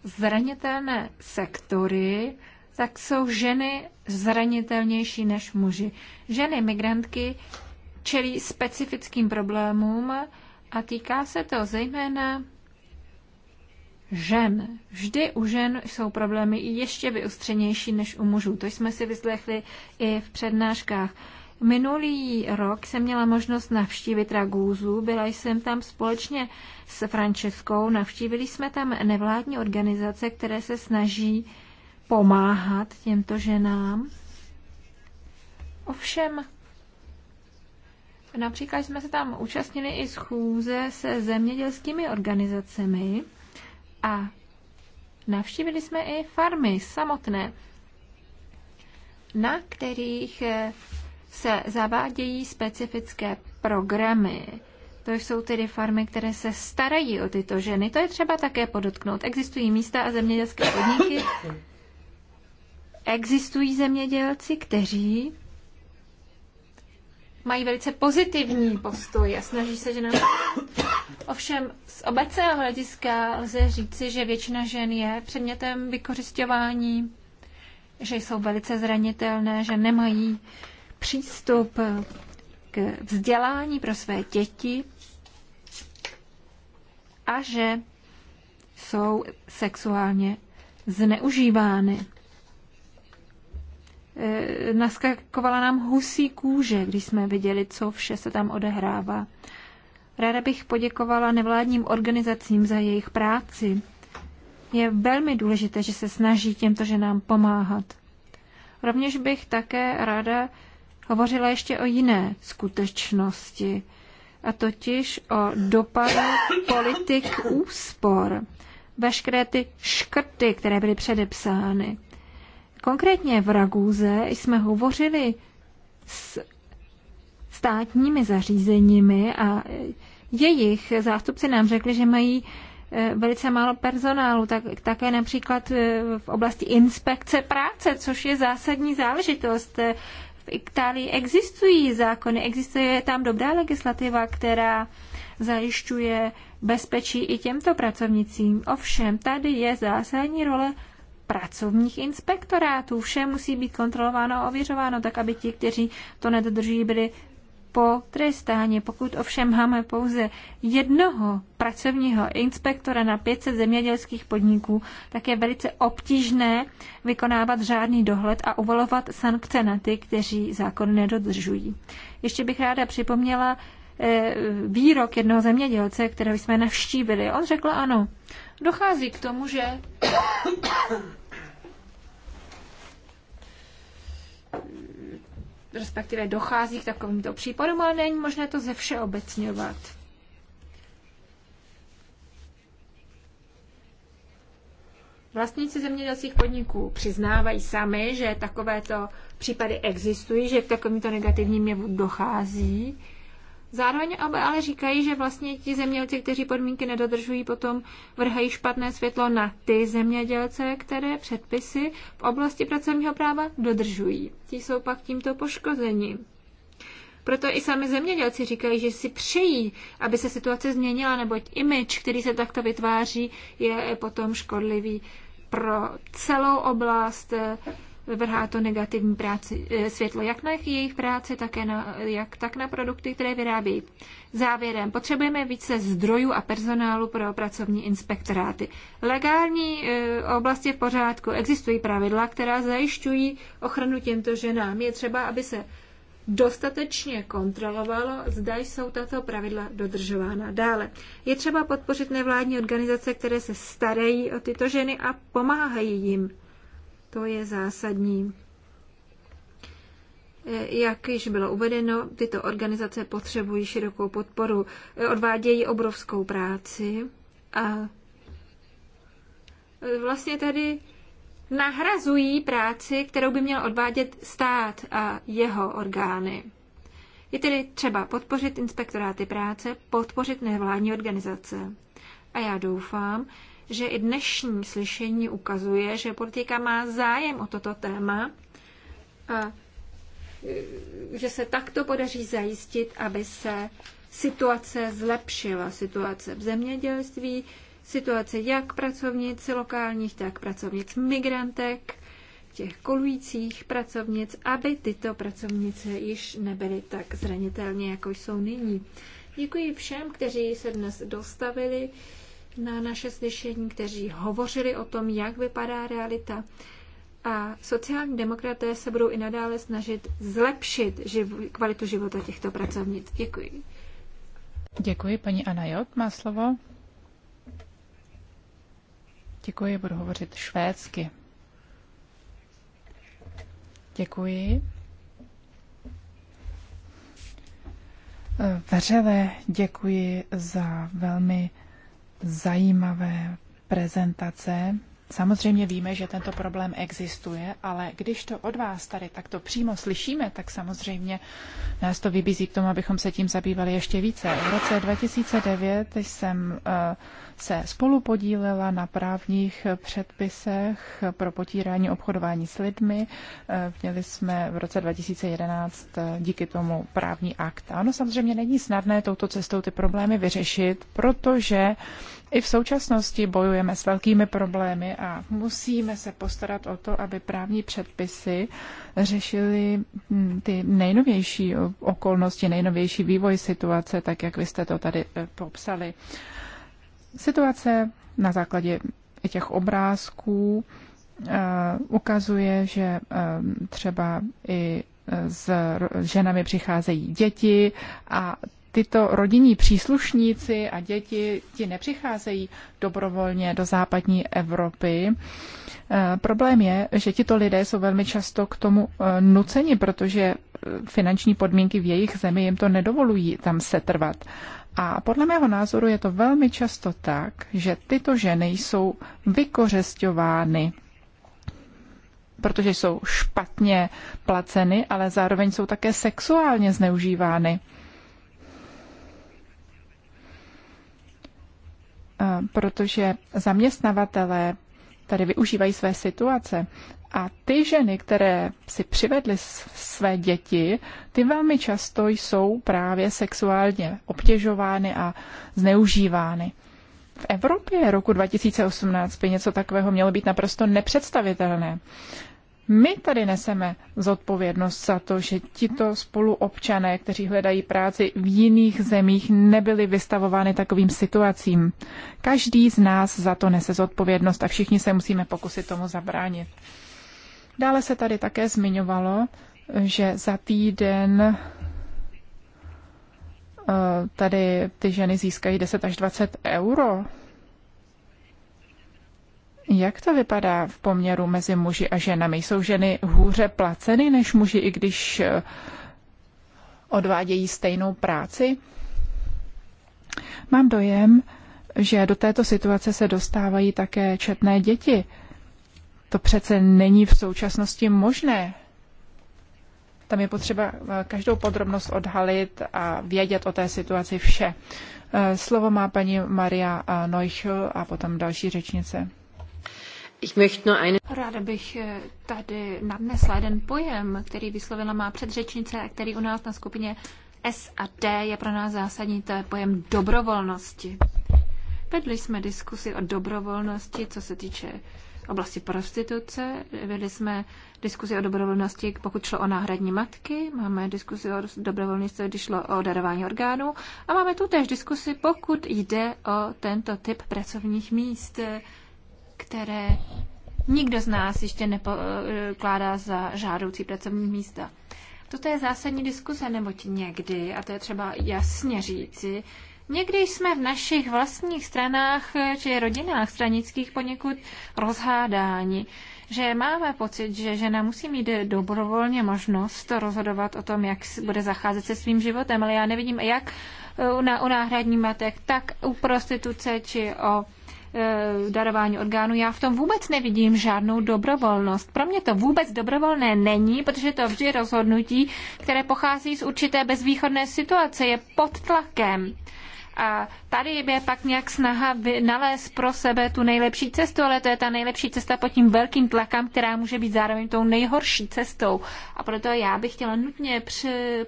zranitelné sektory, tak jsou ženy zranitelnější než muži. Ženy migrantky čelí specifickým problémům a týká se to zejména žen. Vždy u žen jsou problémy ještě vyostřenější než u mužů. To jsme si vyslechli i v přednáškách. Minulý rok jsem měla možnost navštívit Ragúzu, byla jsem tam společně s Franceskou, navštívili jsme tam nevládní organizace, které se snaží pomáhat těmto ženám. Ovšem, například jsme se tam účastnili i schůze se zemědělskými organizacemi, a navštívili jsme i farmy samotné, na kterých eh, se zavádějí specifické programy. To jsou tedy farmy, které se starají o tyto ženy. To je třeba také podotknout. Existují místa a zemědělské podniky. Existují zemědělci, kteří mají velice pozitivní postoj a snaží se, že nám Ovšem z obecného hlediska lze říci, že většina žen je předmětem vykořišťování, že jsou velice zranitelné, že nemají přístup k vzdělání pro své děti a že jsou sexuálně zneužívány. E, naskakovala nám husí kůže, když jsme viděli, co vše se tam odehrává. Ráda bych poděkovala nevládním organizacím za jejich práci. Je velmi důležité, že se snaží těmto ženám pomáhat. Rovněž bych také ráda hovořila ještě o jiné skutečnosti, a totiž o dopadu politik úspor. Veškeré ty škrty, které byly předepsány. Konkrétně v Raguze jsme hovořili s státními zařízeními a jejich zástupci nám řekli, že mají e, velice málo personálu, tak, také například e, v oblasti inspekce práce, což je zásadní záležitost. E, v Itálii existují zákony, existuje tam dobrá legislativa, která zajišťuje bezpečí i těmto pracovnicím. Ovšem, tady je zásadní role pracovních inspektorátů. Vše musí být kontrolováno a ověřováno, tak aby ti, kteří to nedodržují, byli po trestání, Pokud ovšem máme pouze jednoho pracovního inspektora na 500 zemědělských podniků, tak je velice obtížné vykonávat řádný dohled a uvalovat sankce na ty, kteří zákon nedodržují. Ještě bych ráda připomněla eh, výrok jednoho zemědělce, kterého jsme navštívili. On řekl ano, dochází k tomu, že respektive dochází k takovýmto případům, ale není možné to ze všeobecňovat. Vlastníci zemědělských podniků přiznávají sami, že takovéto případy existují, že k takovýmto negativním jevům dochází, Zároveň ale říkají, že vlastně ti zemědělci, kteří podmínky nedodržují, potom vrhají špatné světlo na ty zemědělce, které předpisy v oblasti pracovního práva dodržují. Ti jsou pak tímto poškození. Proto i sami zemědělci říkají, že si přejí, aby se situace změnila, neboť image, který se takto vytváří, je potom škodlivý pro celou oblast vrhá to negativní práci, eh, světlo jak na jejich práci, také na, jak, tak na produkty, které vyrábí. Závěrem, potřebujeme více zdrojů a personálu pro pracovní inspektoráty. Legální eh, oblast je v pořádku, existují pravidla, která zajišťují ochranu těmto ženám. Je třeba, aby se dostatečně kontrolovalo, zda jsou tato pravidla dodržována. Dále je třeba podpořit nevládní organizace, které se starají o tyto ženy a pomáhají jim. To je zásadní. E, jak již bylo uvedeno, tyto organizace potřebují širokou podporu, e, odvádějí obrovskou práci a e, vlastně tady nahrazují práci, kterou by měl odvádět stát a jeho orgány. Je tedy třeba podpořit inspektoráty práce, podpořit nevládní organizace. A já doufám, že i dnešní slyšení ukazuje, že politika má zájem o toto téma a e, že se takto podaří zajistit, aby se situace zlepšila. Situace v zemědělství, situace jak pracovnic lokálních, tak pracovnic migrantek, těch kolujících pracovnic, aby tyto pracovnice již nebyly tak zranitelně, jako jsou nyní. Děkuji všem, kteří se dnes dostavili na naše slyšení, kteří hovořili o tom, jak vypadá realita. A sociální demokraté se budou i nadále snažit zlepšit živ- kvalitu života těchto pracovnic. Děkuji. Děkuji, paní Anna Jok má slovo. Děkuji, budu hovořit švédsky. Děkuji. Veřele děkuji za velmi zajímavé prezentace Samozřejmě víme, že tento problém existuje, ale když to od vás tady takto přímo slyšíme, tak samozřejmě nás to vybízí k tomu, abychom se tím zabývali ještě více. V roce 2009 jsem eh, se spolu podílela na právních předpisech pro potírání obchodování s lidmi. Eh, měli jsme v roce 2011 eh, díky tomu právní akt. ono samozřejmě není snadné touto cestou ty problémy vyřešit, protože i v současnosti bojujeme s velkými problémy a musíme se postarat o to, aby právní předpisy řešily hm, ty nejnovější okolnosti, nejnovější vývoj situace, tak jak vy jste to tady eh, popsali. Situace na základě těch obrázků eh, ukazuje, že eh, třeba i s ženami přicházejí děti a tyto rodinní příslušníci a děti ti nepřicházejí dobrovolně do západní Evropy. Eh, problém je, že tito lidé jsou velmi často k tomu eh, nuceni, protože eh, finanční podmínky v jejich zemi jim to nedovolují tam setrvat. A podle mého názoru je to velmi často tak, že tyto ženy jsou vykořesťovány protože jsou špatně placeny, ale zároveň jsou také sexuálně zneužívány. Eh, protože zaměstnavatelé tady využívají své situace a ty ženy, které si přivedly své děti, ty velmi často jsou právě sexuálně obtěžovány a zneužívány. V Evropě roku 2018 by něco takového mělo být naprosto nepředstavitelné. My tady neseme zodpovědnost za to, že tito spoluobčané, kteří hledají práci v jiných zemích, nebyli vystavovány takovým situacím. Každý z nás za to nese zodpovědnost a všichni se musíme pokusit tomu zabránit. Dále se tady také zmiňovalo, že za týden eh, tady ty ženy získají 10 až 20 euro jak to vypadá v poměru mezi muži a ženami? Jsou ženy hůře placeny než muži, i když eh, odvádějí stejnou práci? Mám dojem, že do této situace se dostávají také četné děti. To přece není v současnosti možné. Tam je potřeba eh, každou podrobnost odhalit a vědět o té situaci vše. Eh, slovo má paní Maria Neuchel a potom další řečnice. Ráda bych eh, tady nadnesla jeden pojem, který vyslovila má předřečnice a který u nás na skupině S a D je pro nás zásadní, to je pojem dobrovolnosti. Vedli jsme diskusi o dobrovolnosti, co se týče oblasti prostituce. Vedli jsme diskusi o dobrovolnosti, pokud šlo o náhradní matky, máme diskusi o dobrovolnosti, když šlo o darování orgánů a máme tu též diskusi, pokud jde o tento typ pracovních míst které nikdo z nás ještě nepokládá za žádoucí pracovní místa. Toto je zásadní diskuse, neboť někdy, a to je třeba jasně říci, někdy jsme v našich vlastních stranách či rodinách stranických poněkud rozhádáni, že máme pocit, že žena musí mít dobrovolně možnost rozhodovat o tom, jak bude zacházet se svým životem, ale já nevidím, jak u náhradní matek, tak u prostituce či o Eh, darování orgánů. Já v tom vůbec nevidím žádnou dobrovolnost. Pro mě to vůbec dobrovolné není, protože to vždy rozhodnutí, které pochází z určité bezvýchodné situace, je pod tlakem. A tady je pak nějak snaha nalézt pro sebe tu nejlepší cestu, ale to je ta nejlepší cesta pod tím velkým tlakem, která může být zároveň tou nejhorší cestou. A proto já bych chtěla nutně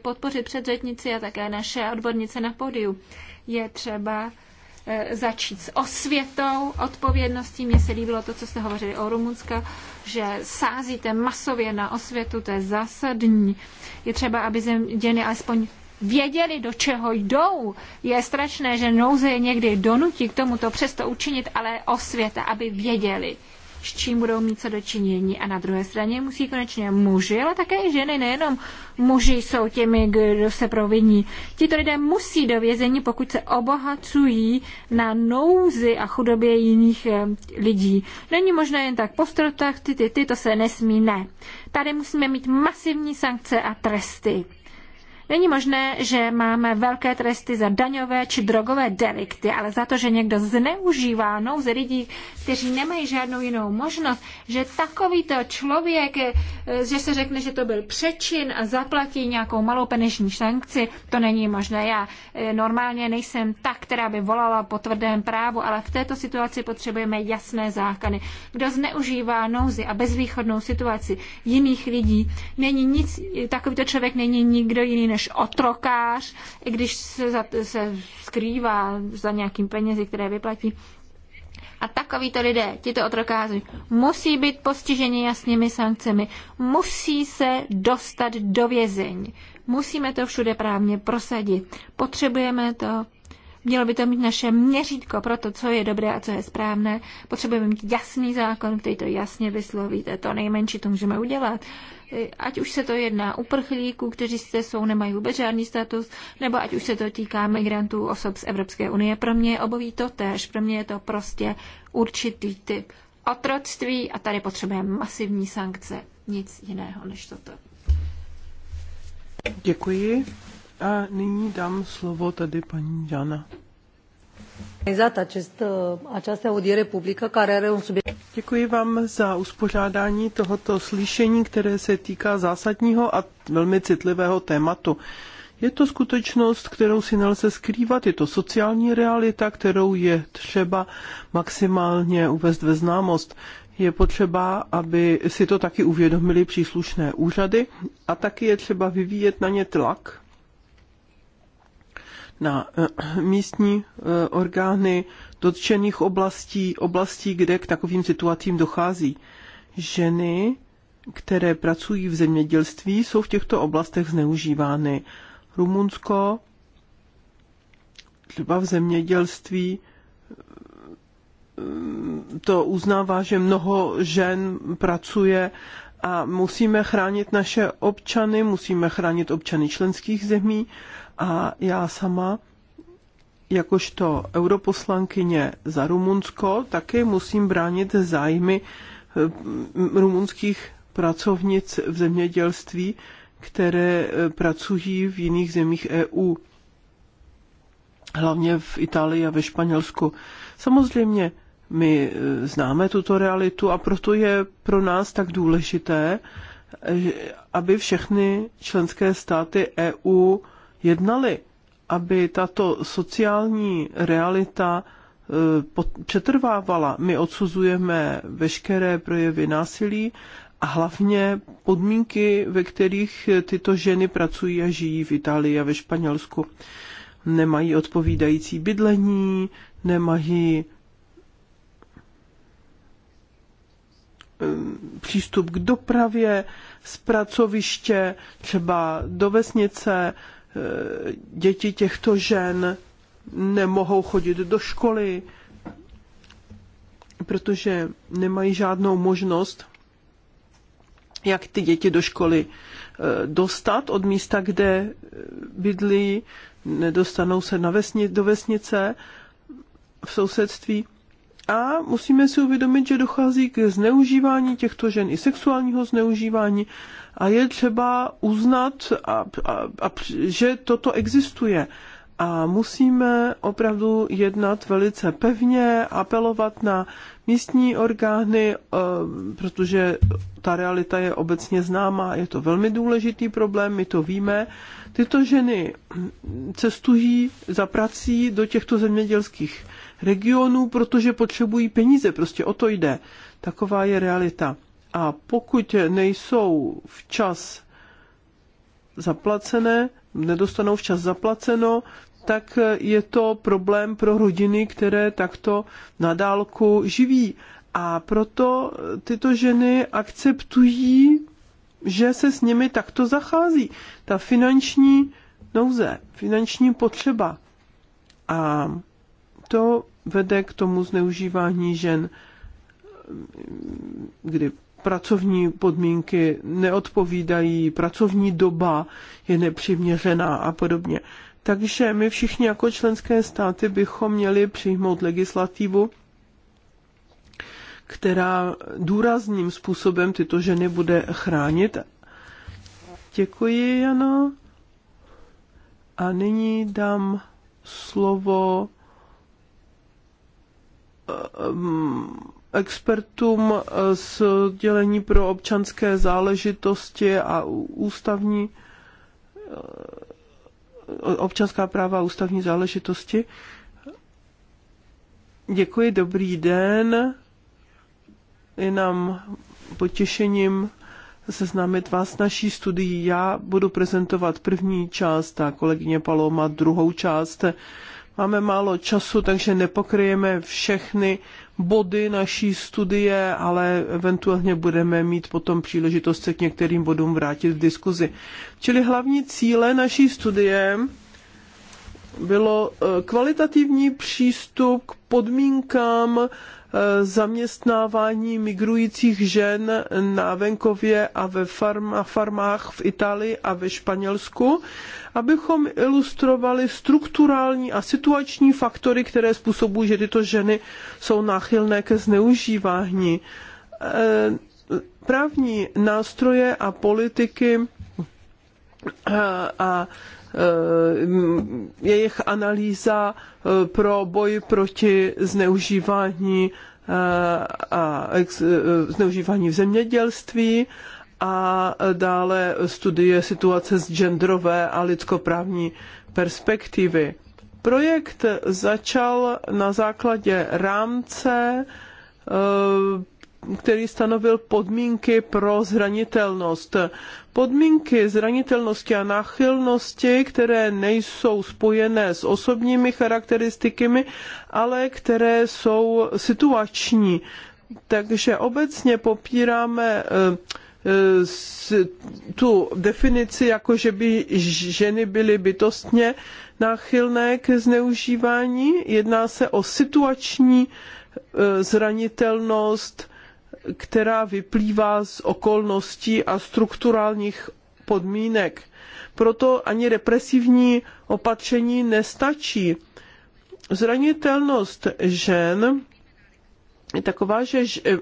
podpořit předřetnici a také naše odbornice na pódiu. Je třeba Eh, začít s osvětou, odpovědností. Mně se líbilo to, co jste hovořili o Rumunska, že sázíte masově na osvětu, to je zásadní. Je třeba, aby zeměděny alespoň věděli, do čeho jdou. Je strašné, že nouze je někdy donutí k tomuto přesto učinit, ale osvěta, aby věděli, s čím budou mít co dočinění. A na druhé straně musí konečně muži, ale také i ženy, nejenom muži jsou těmi, kdo se proviní. Tito lidé musí do vězení, pokud se obohacují na nouzi a chudobě jiných eh, lidí. Není možné jen tak postrotat, ty, ty, ty, to se nesmí, ne. Tady musíme mít masivní sankce a tresty. Není možné, že máme velké tresty za daňové či drogové delikty, ale za to, že někdo zneužívá nouze lidí, kteří nemají žádnou jinou možnost, že takovýto člověk, eh, že se řekne, že to byl přečin a zaplatí nějakou malou peněžní sankci, to není možné. Já eh, normálně nejsem ta, která by volala po tvrdém právu, ale v této situaci potřebujeme jasné zákony. Kdo zneužívá nouzi a bezvýchodnou situaci jiných lidí, není nic, takovýto člověk není nikdo jiný než až otrokář, i když se, za, se skrývá za nějakým penězi, které vyplatí. A takovýto lidé, tito otrokáři, musí být postiženi jasnými sankcemi, musí se dostat do vězení. Musíme to všude právně prosadit. Potřebujeme to Mělo by to mít naše měřítko pro to, co je dobré a co je správné. Potřebujeme mít jasný zákon, který to jasně vysloví. To je to nejmenší, to můžeme udělat. Ať už se to jedná uprchlíků, kteří se jsou, nemají vůbec žádný status, nebo ať už se to týká migrantů, osob z Evropské unie. Pro mě je obojí to tež. Pro mě je to prostě určitý typ otroctví a tady potřebujeme masivní sankce. Nic jiného než toto. Děkuji. A nyní dám slovo tady paní Jana. Organizat acest, această audiere publică care are un subiect. Děkuji vám za uspořádání tohoto slyšení, které se týká zásadního a velmi citlivého tématu. Je to skutečnost, kterou si nelze skrývat, je to sociální realita, kterou je třeba maximálně uvést ve známost. Je potřeba, aby si to taky uvědomili příslušné úřady a taky je třeba vyvíjet na ně tlak, na eh, místní eh, orgány dotčených oblastí, oblastí, kde k takovým situacím dochází. Ženy, které pracují v zemědělství, jsou v těchto oblastech zneužívány. Rumunsko, třeba v zemědělství, eh, to uznává, že mnoho žen pracuje a musíme chránit naše občany, musíme chránit občany členských zemí a já sama jakožto europoslankyně za Rumunsko taky musím bránit zájmy eh, rumunských pracovnic v zemědělství, které eh, pracují v jiných zemích EU, hlavně v Itálii a ve Španělsku. Samozřejmě my eh, známe tuto realitu a proto je pro nás tak důležité, aby všechny členské státy EU jednali, aby tato sociální realita e, přetrvávala. My odsuzujeme veškeré projevy násilí a hlavně podmínky, ve kterých tyto ženy pracují a žijí v Itálii a ve Španělsku. Nemají odpovídající bydlení, nemají e, přístup k dopravě, z pracoviště, třeba do vesnice, Eh, děti těchto žen nemohou chodit do školy, protože nemají žádnou možnost, jak ty děti do školy eh, dostat od místa, kde eh, bydlí, nedostanou se na vesni, do vesnice v sousedství. A musíme si uvědomit, že dochází k zneužívání těchto žen, i sexuálního zneužívání, a je třeba uznat, a, a, a, že toto existuje a musíme opravdu jednat velice pevně, apelovat na místní orgány, eh, protože ta realita je obecně známá, je to velmi důležitý problém, my to víme. Tyto ženy cestují za prací do těchto zemědělských regionů, protože potřebují peníze, prostě o to jde. Taková je realita. A pokud nejsou včas zaplacené, nedostanou včas zaplaceno, tak je to problém pro rodiny, které takto na dálku živí. A proto tyto ženy akceptují, že se s nimi takto zachází. Ta finanční nouze, finanční potřeba. A to vede k tomu zneužívání žen, kdy pracovní podmínky neodpovídají, pracovní doba je nepřiměřená a podobně. Takže my všichni jako členské státy bychom měli přijmout legislativu, která důrazným způsobem tyto ženy bude chránit. Děkuji, Jano. A nyní dám slovo eh, mm, expertům z eh, oddělení pro občanské záležitosti a ústavní eh, občanská práva a ústavní záležitosti. Děkuji, dobrý den. Je nám potěšením seznámit vás s naší studií. Já budu prezentovat první část a kolegyně Paloma druhou část. Máme málo času, takže nepokryjeme všechny body naší studie, ale eventuálně budeme mít potom příležitost se k některým bodům vrátit v diskuzi. Čili hlavní cíle naší studie bylo eh, kvalitativní přístup k podmínkám zaměstnávání migrujících žen na venkově a ve farma, farmách v Itálii a ve Španělsku, abychom ilustrovali strukturální a situační faktory, které způsobují, že tyto ženy jsou náchylné ke zneužívání. E, právní nástroje a politiky e, a, a Eh, jejich analýza eh, pro boj proti zneužívání eh, a zneužívání v zemědělství a dále studie situace z genderové a lidskoprávní perspektivy. Projekt začal na základě rámce který stanovil podmínky pro zranitelnost. Podmínky zranitelnosti a náchylnosti, které nejsou spojené s osobními charakteristikami, ale které jsou situační. Takže obecně popíráme eh, eh, tu definici, jako že by ženy byly bytostně náchylné k zneužívání. Jedná se o situační eh, zranitelnost, která vyplývá z okolností a strukturálních podmínek. Proto ani represivní opatření nestačí. Zranitelnost žen taková, že eh,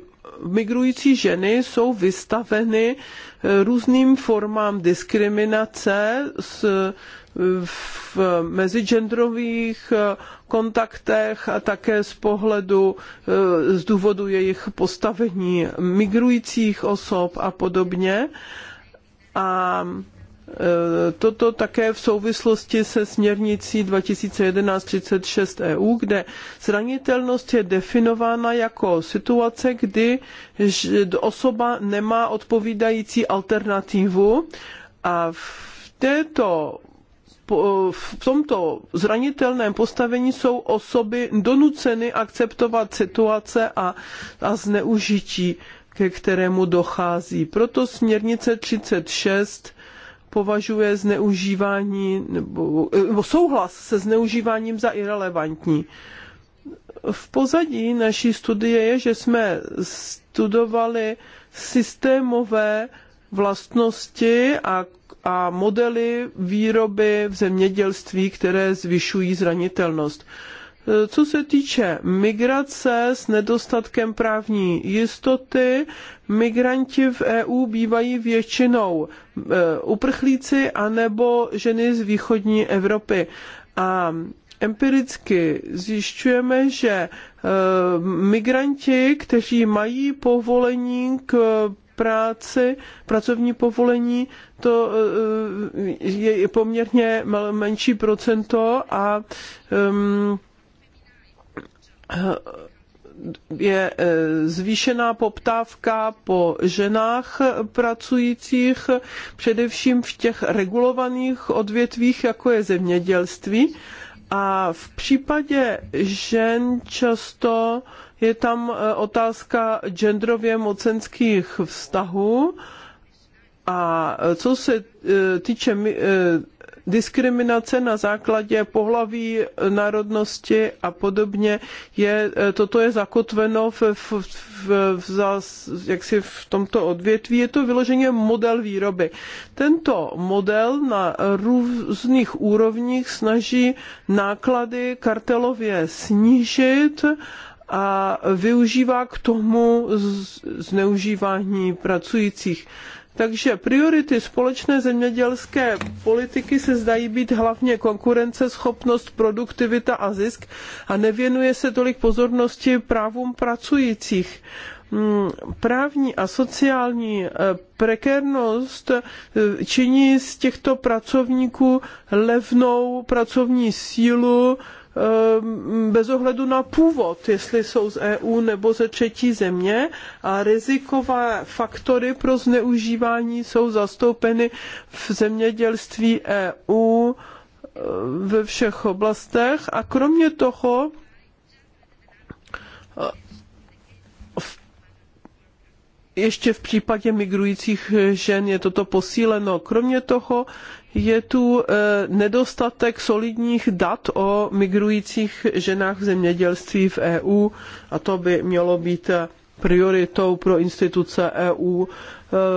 migrující ženy jsou vystaveny eh, různým formám diskriminace s, eh, v mezigenderových kontaktech a také z pohledu z důvodu jejich postavení migrujících osob a podobně. A Eh, toto také v souvislosti se směrnicí 2011-36 EU, kde zranitelnost je definována jako situace, kdy osoba nemá odpovídající alternativu a v této v tomto zranitelném postavení jsou osoby donuceny akceptovat situace a, a zneužití, ke kterému dochází. Proto směrnice 36 považuje zneužívání nebo, eh, nebo souhlas se zneužíváním za irrelevantní. V pozadí naší studie je, že jsme studovali systémové vlastnosti a, a modely výroby v zemědělství, které zvyšují zranitelnost. Co se týče migrace s nedostatkem právní jistoty, migranti v EU bývají většinou eh, uprchlíci anebo ženy z východní Evropy. A empiricky zjišťujeme, že eh, migranti, kteří mají povolení k práci, pracovní povolení, to eh, je poměrně menší procento a um, je eh, zvýšená poptávka po ženách pracujících, především v těch regulovaných odvětvích, jako je zemědělství. A v případě žen často je tam eh, otázka genderově mocenských vztahů. A eh, co se týče diskriminace na základě pohlaví, národnosti a podobně, je, e, toto je zakotveno v, v, v, v, jaksi v tomto odvětví. Je to vyloženě model výroby. Tento model na různých úrovních snaží náklady kartelově snížit a využívá k tomu zneužívání pracujících. Takže priority společné zemědělské politiky se zdají být hlavně konkurenceschopnost, produktivita a zisk a nevěnuje se tolik pozornosti právům pracujících hmm, právní a sociální eh, prekérnost eh, činí z těchto pracovníků levnou pracovní sílu Ehm, bez ohledu na původ, jestli jsou z EU nebo ze třetí země a rizikové faktory pro zneužívání jsou zastoupeny v zemědělství EU eh, ve všech oblastech a kromě toho eh, ještě v případě migrujících žen je toto posíleno. Kromě toho je tu e, nedostatek solidních dat o migrujících ženách v zemědělství v EU a to by mělo být prioritou pro instituce EU.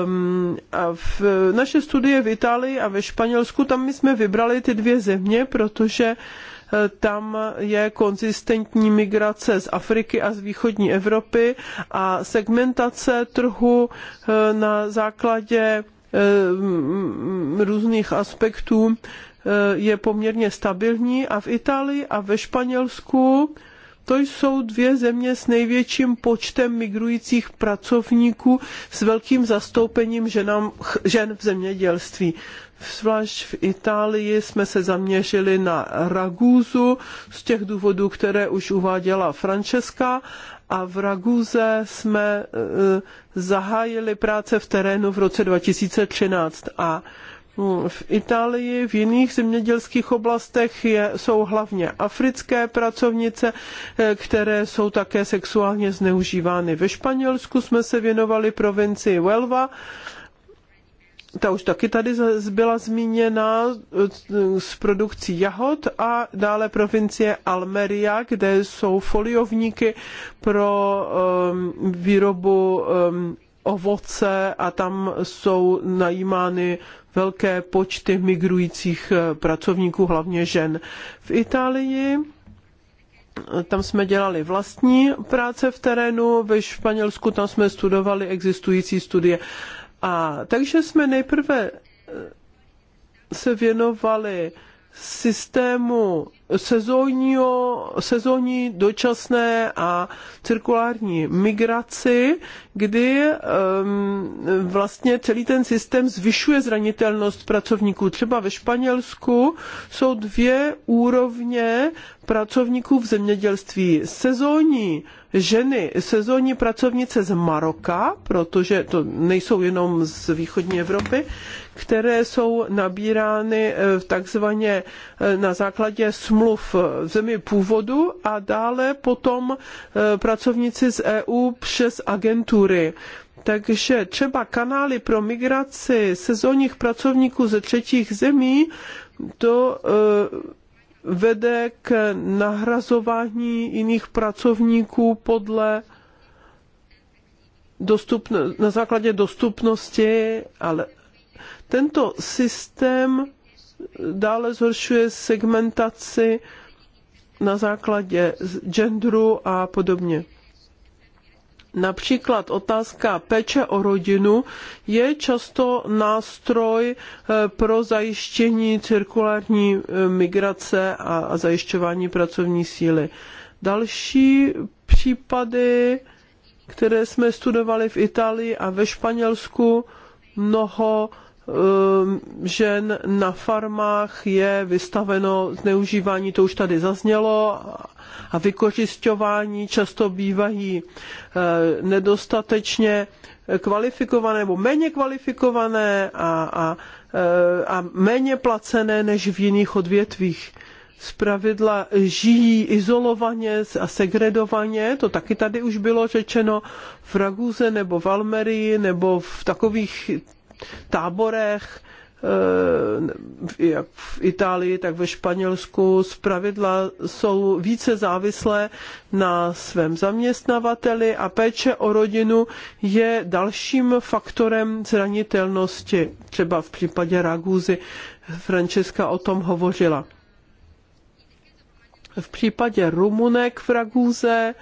Ehm, a v, naše studie v Itálii a ve Španělsku, tam my jsme vybrali ty dvě země, protože e, tam je konzistentní migrace z Afriky a z východní Evropy a segmentace trhu e, na základě Eh, různých aspektů eh, je poměrně stabilní a v Itálii a ve Španělsku to jsou dvě země s největším počtem migrujících pracovníků s velkým zastoupením ženám, žen v zemědělství. Zvlášť v Itálii jsme se zaměřili na Raguzu z těch důvodů, které už uváděla Francesca a v Raguze jsme e, zahájili práce v terénu v roce 2013 a mm, v Itálii, v jiných zemědělských oblastech je, jsou hlavně africké pracovnice, e, které jsou také sexuálně zneužívány. Ve Španělsku jsme se věnovali provincii Huelva, ta už taky tady byla zmíněna eh, s produkcí jahod a dále provincie Almeria, kde jsou foliovníky pro um, výrobu um, ovoce a tam jsou najímány velké počty migrujících eh, pracovníků, hlavně žen. V Itálii eh, tam jsme dělali vlastní práce v terénu, ve Španělsku tam jsme studovali existující studie a takže jsme nejprve eh, se věnovali systému sezónního, sezónní, dočasné a cirkulární migraci, kdy um, vlastně celý ten systém zvyšuje zranitelnost pracovníků. Třeba ve Španělsku jsou dvě úrovně pracovníků v zemědělství. Sezónní ženy, sezónní pracovnice z Maroka, protože to nejsou jenom z východní Evropy, které jsou nabírány eh, takzvaně eh, na základě smluv eh, v zemi původu a dále potom pracovníci z EU přes agentury. Takže třeba kanály pro migraci sezónních pracovníků ze třetích zemí, to vede k nahrazování jiných pracovníků podle dostupno, na základě dostupnosti, ale tento systém dále zhoršuje segmentaci na základě genderu a podobně. Například otázka péče o rodinu je často nástroj eh, pro zajištění cirkulární eh, migrace a zajišťování pracovní síly. Další případy, které jsme studovali v Itálii a ve Španělsku, mnoho Ehm, žen na farmách je vystaveno zneužívání, to už tady zaznělo, a vykořišťování často bývají ehm, nedostatečně kvalifikované nebo méně kvalifikované a, a, ehm, a méně placené než v jiných odvětvích zpravidla žijí izolovaně a segredovaně, to taky tady už bylo řečeno v Raguze nebo v Almerii nebo v takových táborech, eh, jak v Itálii, tak ve Španělsku zpravidla jsou více závislé na svém zaměstnavateli a péče o rodinu je dalším faktorem zranitelnosti. Třeba v případě Ragúzy Francesca o tom hovořila. V případě Rumunek v Ragúze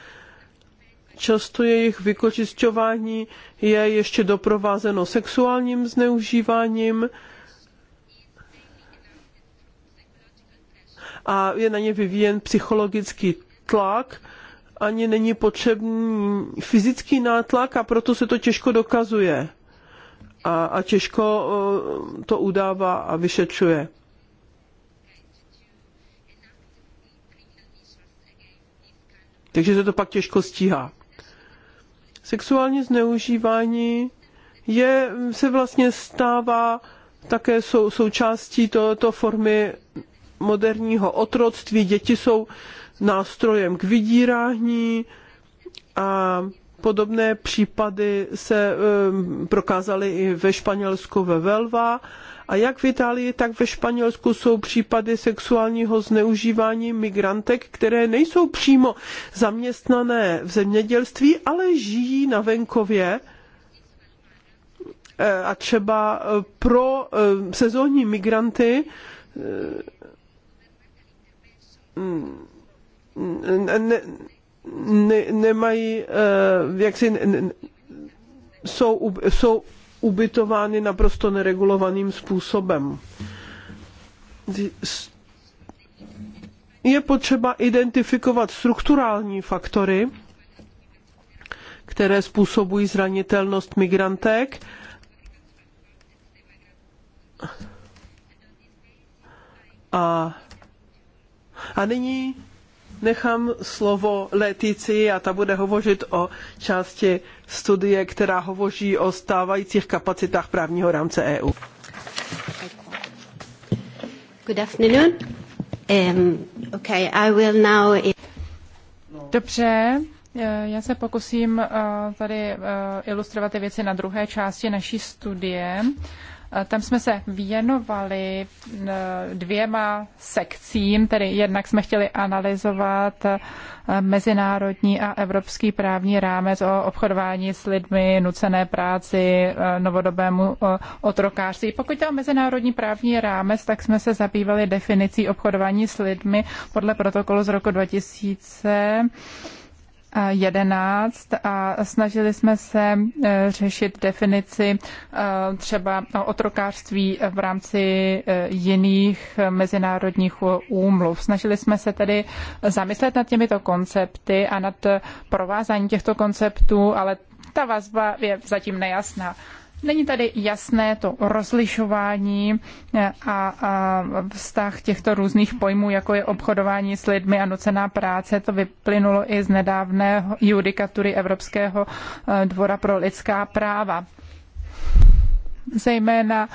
Často jejich vykořišťování je ještě doprovázeno sexuálním zneužíváním a je na ně vyvíjen psychologický tlak, ani není potřebný fyzický nátlak a proto se to těžko dokazuje a, a těžko eh, to udává a vyšetřuje. Takže se to pak těžko stíhá. Sexuální zneužívání je, se vlastně stává také sou, součástí tohoto formy moderního otroctví. Děti jsou nástrojem k vydírání a podobné případy se eh, prokázaly i ve Španělsku ve Velva a jak v Itálii, tak ve Španělsku jsou případy sexuálního zneužívání migrantek, které nejsou přímo zaměstnané v zemědělství, ale žijí na venkově a třeba pro sezónní migranty ne, ne, nemají, jak si, ne, jsou, jsou ubytovány naprosto neregulovaným způsobem. Je potřeba identifikovat strukturální faktory, které způsobují zranitelnost migrantek. A, a nyní nechám slovo Letici a ta bude hovořit o části studie, která hovoří o stávajících kapacitách právního rámce EU. Good afternoon. Um, okay, I will now... Dobře, eh, já se pokusím eh, tady eh, ilustrovat ty věci na druhé části naší studie. Tam jsme se věnovali eh, dvěma sekcím, tedy jednak jsme chtěli analyzovat eh, mezinárodní a evropský právní rámec o obchodování s lidmi, nucené práci, eh, novodobému otrokářství. Pokud jde o mezinárodní právní rámec, tak jsme se zabývali definicí obchodování s lidmi podle protokolu z roku 2000 11 a snažili jsme se e, řešit definici e, třeba otrokářství v rámci e, jiných mezinárodních úmluv. Snažili jsme se tedy zamyslet nad těmito koncepty a nad provázání těchto konceptů, ale ta vazba je zatím nejasná. Není tady jasné to rozlišování eh, a, a vztah těchto různých pojmů, jako je obchodování s lidmi a nucená práce. To vyplynulo i z nedávné judikatury Evropského eh, dvora pro lidská práva. Zejména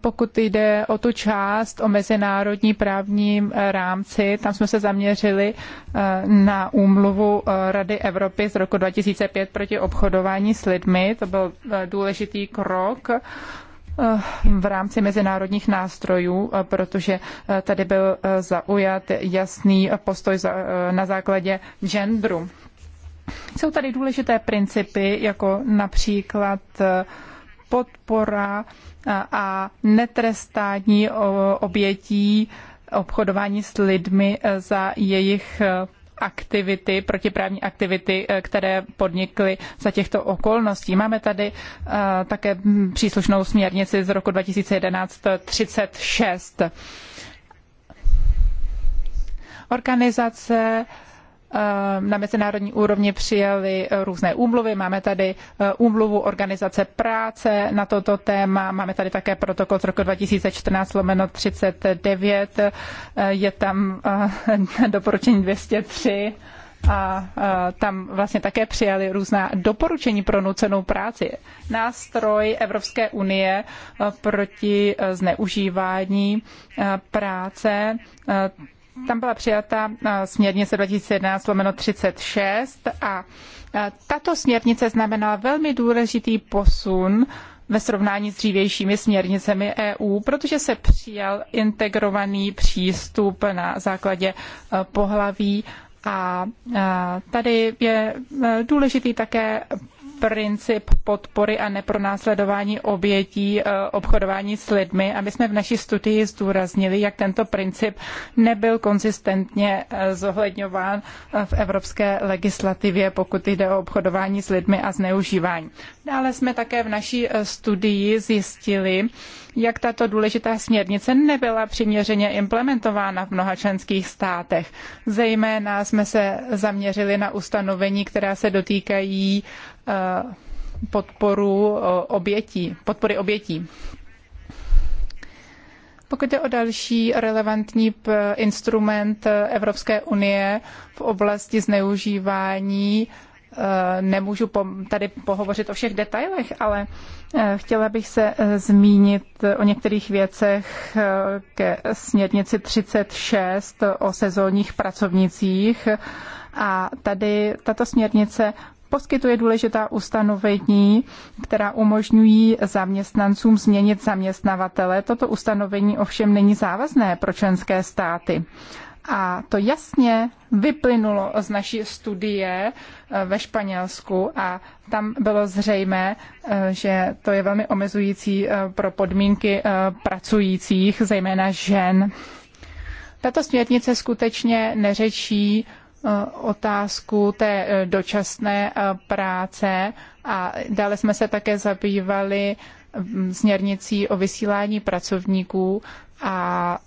pokud jde o tu část o mezinárodní právní eh, rámci, tam jsme se zaměřili eh, na úmluvu eh, Rady Evropy z roku 2005 proti obchodování s lidmi. To byl důležitý krok v rámci mezinárodních nástrojů, protože tady byl zaujat jasný postoj na základě genderu. Jsou tady důležité principy, jako například podpora a netrestání obětí obchodování s lidmi za jejich eh, aktivity, protiprávní aktivity, eh, které podnikly za těchto okolností. Máme tady eh, také příslušnou směrnici z roku 2011 36. Organizace Eh, na mezinárodní úrovni přijali eh, různé úmluvy. Máme tady eh, úmluvu Organizace práce na toto téma, máme tady také protokol z roku 2014 lomeno 39, je tam doporučení 203 a tam vlastně také přijali různá doporučení pro nucenou práci. Nástroj Evropské unie proti zneužívání práce tam byla přijata eh, směrnice 2011-36 a eh, tato směrnice znamenala velmi důležitý posun ve srovnání s dřívějšími směrnicemi EU, protože se přijal integrovaný přístup na základě eh, pohlaví a tady je důležitý také princip podpory a nepronásledování obětí eh, obchodování s lidmi a my jsme v naší studii zdůraznili, jak tento princip nebyl konzistentně eh, zohledňován eh, v evropské legislativě, pokud jde o obchodování s lidmi a zneužívání. Dále jsme také v naší studii zjistili, jak tato důležitá směrnice nebyla přiměřeně implementována v mnoha členských státech. Zejména jsme se zaměřili na ustanovení, která se dotýkají Eh, podporu eh, obětí, podpory obětí. Pokud je o další relevantní instrument eh, Evropské unie v oblasti zneužívání, nemůžu tady pohovořit o všech detailech, ale chtěla bych se zmínit o některých věcech ke směrnici 36 o sezónních pracovnicích. A tady tato směrnice poskytuje důležitá ustanovení, která umožňují zaměstnancům změnit zaměstnavatele. Toto ustanovení ovšem není závazné pro členské státy. A to jasně vyplynulo z naší studie eh, ve Španělsku a tam bylo zřejmé, eh, že to je velmi omezující eh, pro podmínky pracujících, zejména žen. Tato směrnice skutečně neřeší Eh, otázku té eh, dočasné eh, práce a dále jsme se také zabývali mm, směrnicí o vysílání pracovníků a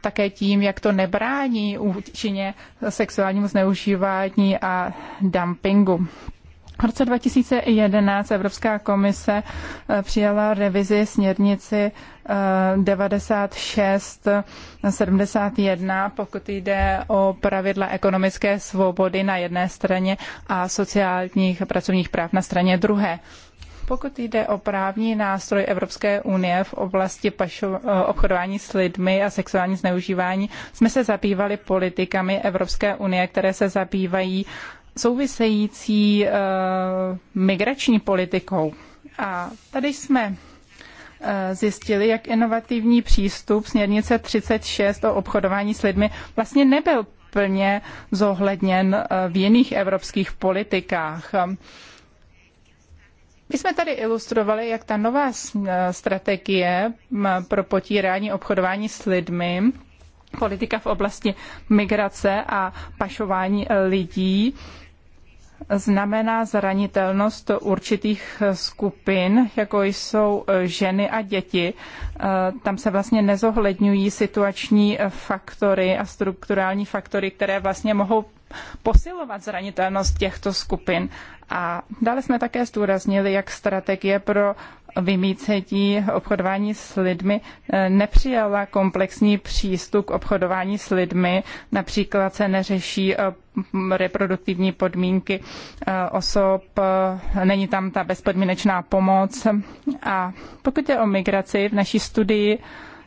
také tím, jak to nebrání účinně sexuálnímu zneužívání a dumpingu. V roce 2011 Evropská komise eh, přijala revizi směrnici 96-71, eh, pokud jde o pravidla ekonomické svobody na jedné straně a sociálních a pracovních práv na straně druhé. Pokud jde o právní nástroj Evropské unie v oblasti pašo, eh, obchodování s lidmi a sexuální zneužívání, jsme se zabývali politikami Evropské unie, které se zabývají související eh, migrační politikou. A tady jsme eh, zjistili, jak inovativní přístup směrnice 36 o obchodování s lidmi vlastně nebyl plně zohledněn eh, v jiných evropských politikách. My jsme tady ilustrovali, jak ta nová strategie pro potírání obchodování s lidmi politika v oblasti migrace a pašování lidí znamená zranitelnost určitých skupin, jako jsou ženy a děti. Tam se vlastně nezohledňují situační faktory a strukturální faktory, které vlastně mohou posilovat zranitelnost těchto skupin. A dále jsme také zdůraznili, jak strategie pro vymícení obchodování s lidmi eh, nepřijala komplexní přístup k obchodování s lidmi. Například se neřeší eh, reproduktivní podmínky eh, osob, není tam ta bezpodmínečná pomoc. A pokud je o migraci, v naší studii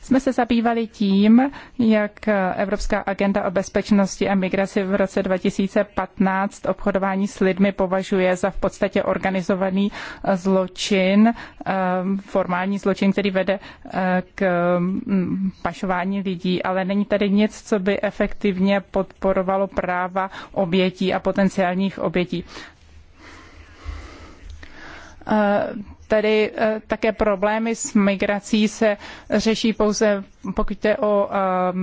jsme se zabývali tím, jak Evropská agenda o bezpečnosti a migraci v roce 2015 obchodování s lidmi považuje za v podstatě organizovaný eh, zločin, eh, formální zločin, který vede eh, k mm, pašování lidí, ale není tady nic, co by efektivně podporovalo práva obětí a potenciálních obětí tedy eh, také problémy s migrací se řeší pouze, pokud jde o eh,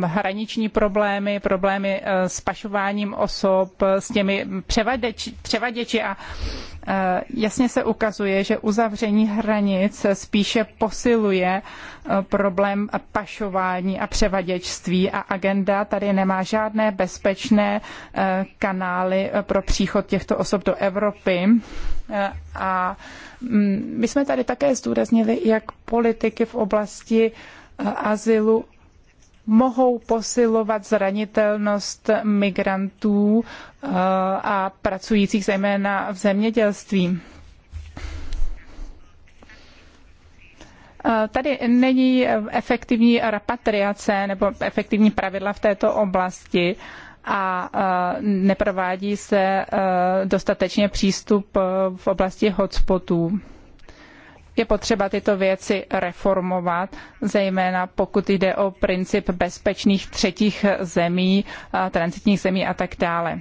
hraniční problémy, problémy eh, s pašováním osob, s těmi převaděči, převaděči a jasně se ukazuje, že uzavření hranic spíše posiluje problém pašování a převaděčství a agenda tady nemá žádné bezpečné kanály pro příchod těchto osob do Evropy. A mm, my jsme tady také zdůraznili, jak politiky v oblasti e, azylu mohou posilovat zranitelnost migrantů e, a pracujících zejména v zemědělství. E, tady není efektivní repatriace nebo efektivní pravidla v této oblasti a neprovádí se e, dostatečně přístup e, v oblasti hotspotů. Je potřeba tyto věci reformovat, zejména pokud jde o princip bezpečných třetích zemí, transitních zemí a tak dále.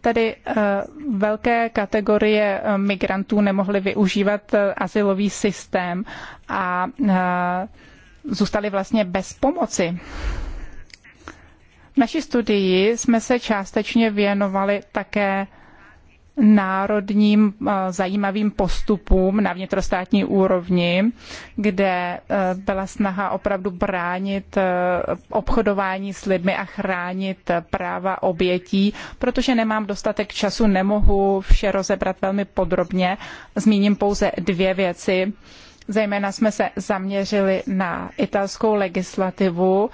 Tady e, velké kategorie migrantů nemohly využívat asilový systém a zůstali vlastně bez pomoci. V naší studii jsme se částečně věnovali také národním eh, zajímavým postupům na vnitrostátní úrovni, kde eh, byla snaha opravdu bránit eh, obchodování s lidmi a chránit práva obětí. Protože nemám dostatek času, nemohu vše rozebrat velmi podrobně. Zmíním pouze dvě věci. Zejména jsme se zaměřili na italskou legislativu,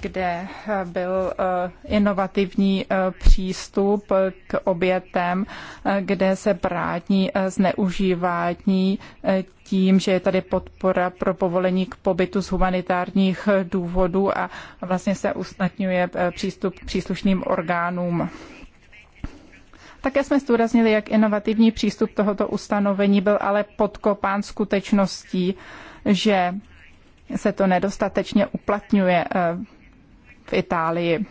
kde byl eh, inovativní eh, přístup k obětem, eh, kde se brání zneužívání tím, že je tady podpora pro povolení k pobytu z humanitárních důvodů a vlastně se usnadňuje přístup k příslušným orgánům. Také jsme zdůraznili, jak inovativní přístup tohoto ustanovení byl ale podkopán skutečností, že se to nedostatečně uplatňuje eh, v Itálii.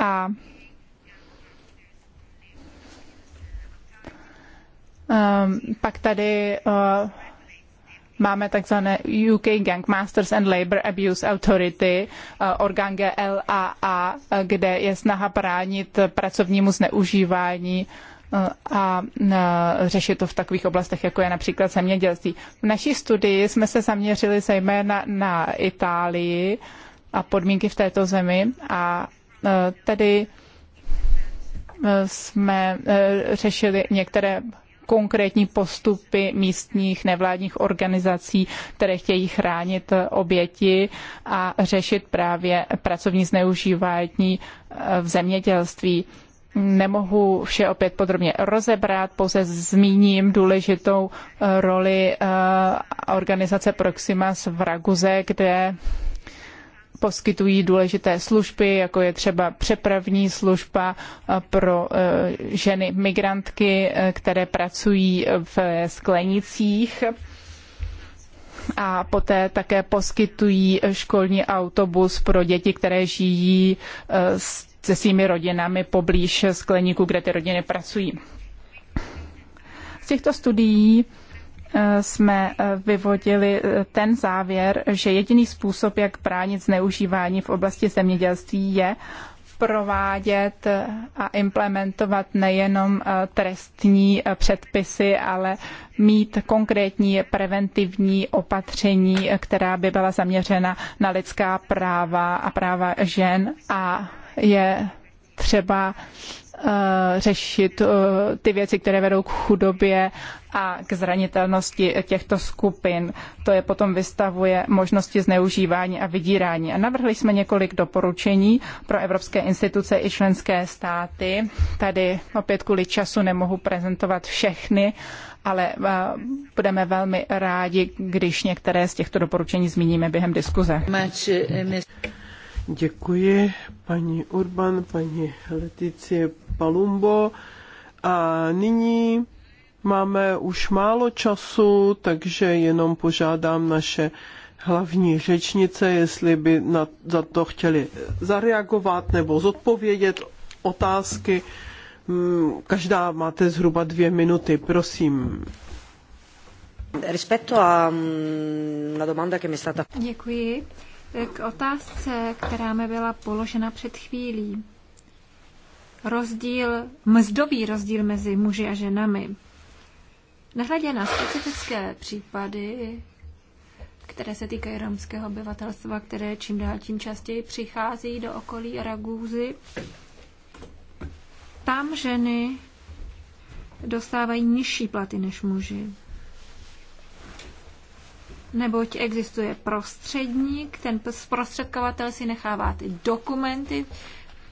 A ehm, pak tady eh, máme takzvané UK Gangmasters and Labour Abuse Authority, eh, orgán GLAA, kde je snaha bránit pracovnímu zneužívání a řešit to v takových oblastech, jako je například zemědělství. V naší studii jsme se zaměřili zejména na Itálii a podmínky v této zemi a e, tedy e, jsme e, řešili některé konkrétní postupy místních nevládních organizací, které chtějí chránit oběti a řešit právě pracovní zneužívání v zemědělství nemohu vše opět podrobně rozebrat, pouze zmíním důležitou eh, roli eh, organizace Proximas v Raguze, kde poskytují důležité služby, jako je třeba přepravní služba eh, pro ženy migrantky, které pracují v sklenicích a poté také poskytují školní autobus pro děti, které žijí s se svými rodinami poblíž skleníku, kde ty rodiny pracují. Z těchto studií eh, jsme eh, vyvodili eh, ten závěr, že jediný způsob, jak bránit zneužívání v oblasti zemědělství, je provádět a implementovat nejenom trestní předpisy, ale mít konkrétní preventivní opatření, která by byla zaměřena na lidská práva a práva žen a je třeba eh, řešit eh, ty věci, které vedou k chudobě a k zranitelnosti těchto skupin. To je potom vystavuje možnosti zneužívání a vydírání. A navrhli jsme několik doporučení pro evropské instituce i členské státy. Tady opět kvůli času nemohu prezentovat všechny, ale eh, budeme velmi rádi, když některé z těchto doporučení zmíníme během diskuze. Děkuji paní Urban, paní Leticie Palumbo. A nyní máme už málo času, takže jenom požádám naše hlavní řečnice, jestli by na, za to chtěli zareagovat nebo zodpovědět otázky. Mm, každá máte zhruba dvě minuty, prosím. Rispetto a una mm, domanda che mi è stata... Děkuji. K otázce, která mi byla položena před chvílí. Rozdíl, mzdový rozdíl mezi muži a ženami. Nehledě na specifické případy, které se týkají romského obyvatelstva, které čím dál tím častěji přichází do okolí Ragúzy, tam ženy dostávají nižší platy než muži neboť existuje prostředník, ten zprostředkovatel si nechává ty dokumenty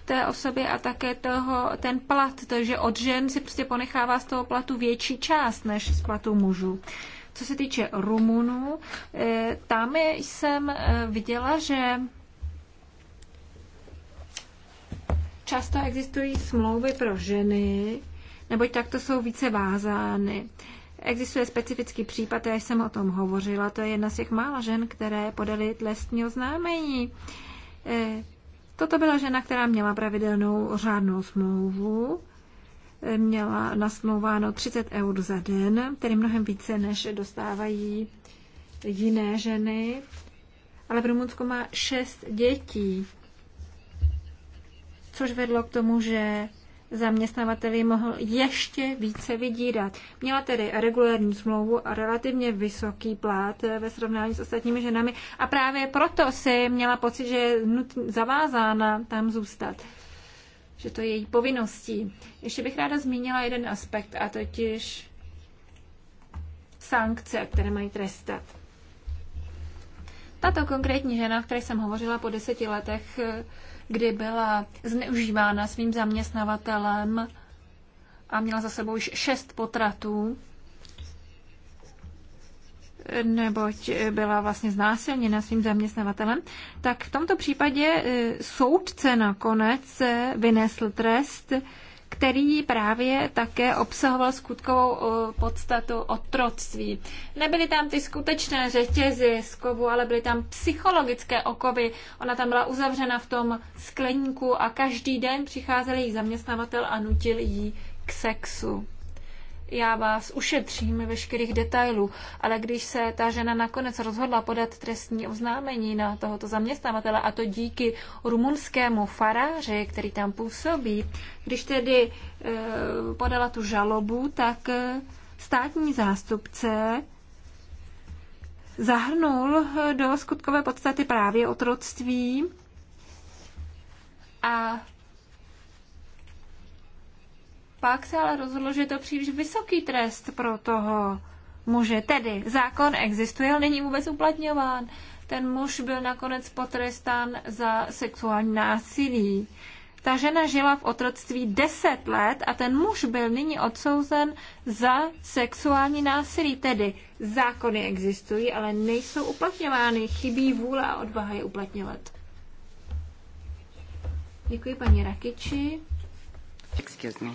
té osoby a také toho, ten plat, to, že od žen si prostě ponechává z toho platu větší část než z platu mužů. Co se týče Rumunů, eh, tam jsem eh, viděla, že často existují smlouvy pro ženy, neboť takto jsou více vázány. Existuje specifický případ, já jsem o tom hovořila, to je jedna z těch mála žen, které podali tlestní oznámení. E, toto byla žena, která měla pravidelnou řádnou smlouvu, e, měla nasmlouváno 30 eur za den, tedy mnohem více, než dostávají jiné ženy. Ale v Rumunsku má šest dětí, což vedlo k tomu, že zaměstnavateli mohl ještě více vydírat. Měla tedy regulární smlouvu a relativně vysoký plát eh, ve srovnání s ostatními ženami a právě proto si měla pocit, že je zavázána tam zůstat že to je její povinností. Ještě bych ráda zmínila jeden aspekt, a totiž sankce, které mají trestat. Tato konkrétní žena, o které jsem hovořila po deseti letech, eh, kdy byla zneužívána svým zaměstnavatelem a měla za sebou již šest potratů, neboť byla vlastně znásilněna svým zaměstnavatelem, tak v tomto případě e, soudce nakonec e, vynesl trest který právě také obsahoval skutkovou uh, podstatu otroctví. Nebyly tam ty skutečné řetězy z kovu, ale byly tam psychologické okovy. Ona tam byla uzavřena v tom skleníku a každý den přicházel její zaměstnavatel a nutil jí k sexu já vás ušetřím veškerých detailů, ale když se ta žena nakonec rozhodla podat trestní oznámení na tohoto zaměstnavatele, a to díky rumunskému faráři, který tam působí, když tedy e, podala tu žalobu, tak e, státní zástupce zahrnul eh, do skutkové podstaty právě otroctví a pak se ale rozhodlo, že je to příliš vysoký trest pro toho muže. Tedy zákon existuje, ale není vůbec uplatňován. Ten muž byl nakonec potrestán za sexuální násilí. Ta žena žila v otroctví 10 let a ten muž byl nyní odsouzen za sexuální násilí. Tedy zákony existují, ale nejsou uplatňovány. Chybí vůle a odvaha je uplatňovat. Děkuji paní Rakiči. Excuse me.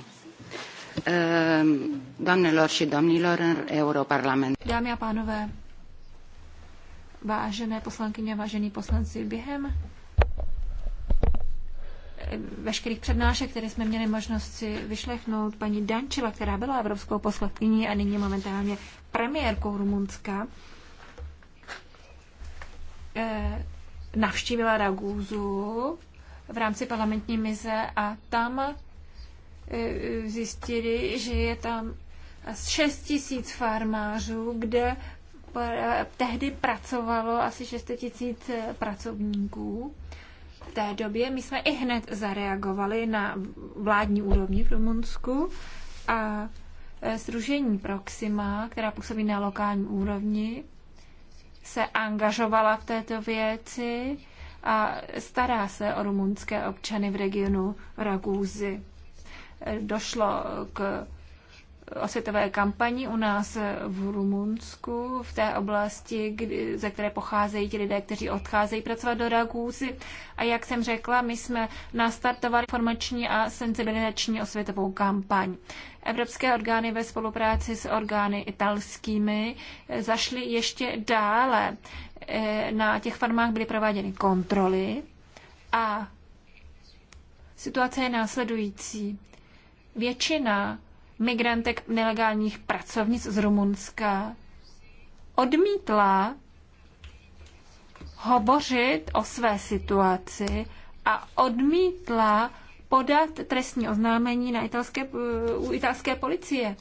Ehm, doamnelor și domnilor în Europarlament. Dámy a pánové, vážené poslankyně, vážení poslanci, během eh, veškerých přednášek, které jsme měli možnost si vyšlechnout, paní Dančila, která byla evropskou poslankyní a nyní momentálně premiérkou Rumunska, eh, navštívila Raguzu v rámci parlamentní mize a tam E, zjistili, že je tam asi 6 tisíc farmářů, kde tehdy pracovalo asi 6 tisíc e, pracovníků. V té době my jsme i hned zareagovali na vládní úrovni v Rumunsku a Združení e, Proxima, která působí na lokální úrovni, se angažovala v této věci a stará se o rumunské občany v regionu Ragúzy došlo k osvětové kampani u nás v Rumunsku, v té oblasti, kdy, ze které pocházejí ti lidé, kteří odcházejí pracovat do Rakouzy. A jak jsem řekla, my jsme nastartovali formační a sensibilizační osvětovou kampaň. Evropské orgány ve spolupráci s orgány italskými zašly ještě dále. E, na těch farmách byly prováděny kontroly a situace je následující většina migrantek nelegálních pracovnic z Rumunska odmítla hovořit o své situaci a odmítla podat trestní oznámení na italské, u italské policie.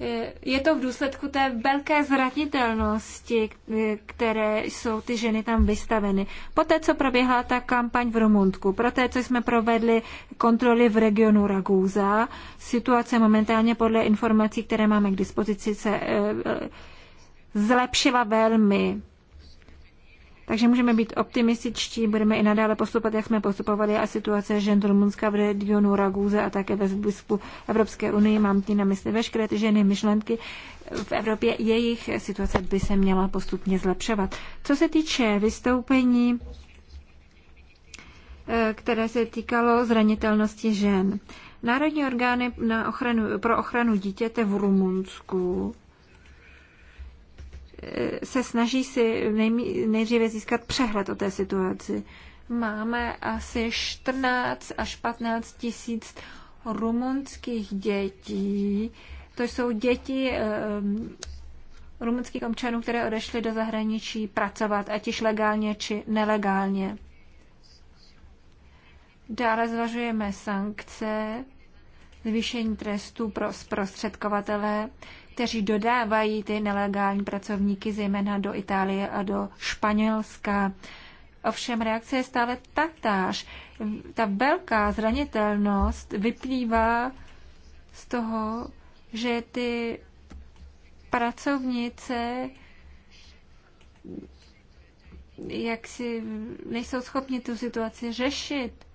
Eh, je to v důsledku té velké zranitelnosti, eh, které jsou ty ženy tam vystaveny. Poté, co proběhla ta kampaň v Rumunsku, poté, co jsme provedli kontroly v regionu Ragusa, situace momentálně podle informací, které máme k dispozici, se eh, zlepšila velmi. Takže můžeme být optimističtí, budeme i nadále postupovat, jak jsme postupovali a situace žen Rumunska v regionu Raguze a také ve zbysku Evropské unie, mám tím na mysli veškeré ty ženy myšlenky, v Evropě jejich situace by se měla postupně zlepšovat. Co se týče vystoupení, eh, které se týkalo zranitelnosti žen. Národní orgány na ochranu, pro ochranu dítěte v Rumunsku se snaží si nejdříve získat přehled o té situaci. Máme asi 14 až 15 tisíc rumunských dětí. To jsou děti ehm, rumunských občanů, které odešly do zahraničí pracovat, ať již legálně či nelegálně. Dále zvažujeme sankce, zvýšení trestů pro zprostředkovatele, kteří dodávají ty nelegální pracovníky zejména do Itálie a do Španělska. Ovšem reakce je stále tatáž. Ta velká zranitelnost vyplývá z toho, že ty pracovnice jak si nejsou schopni tu situaci řešit.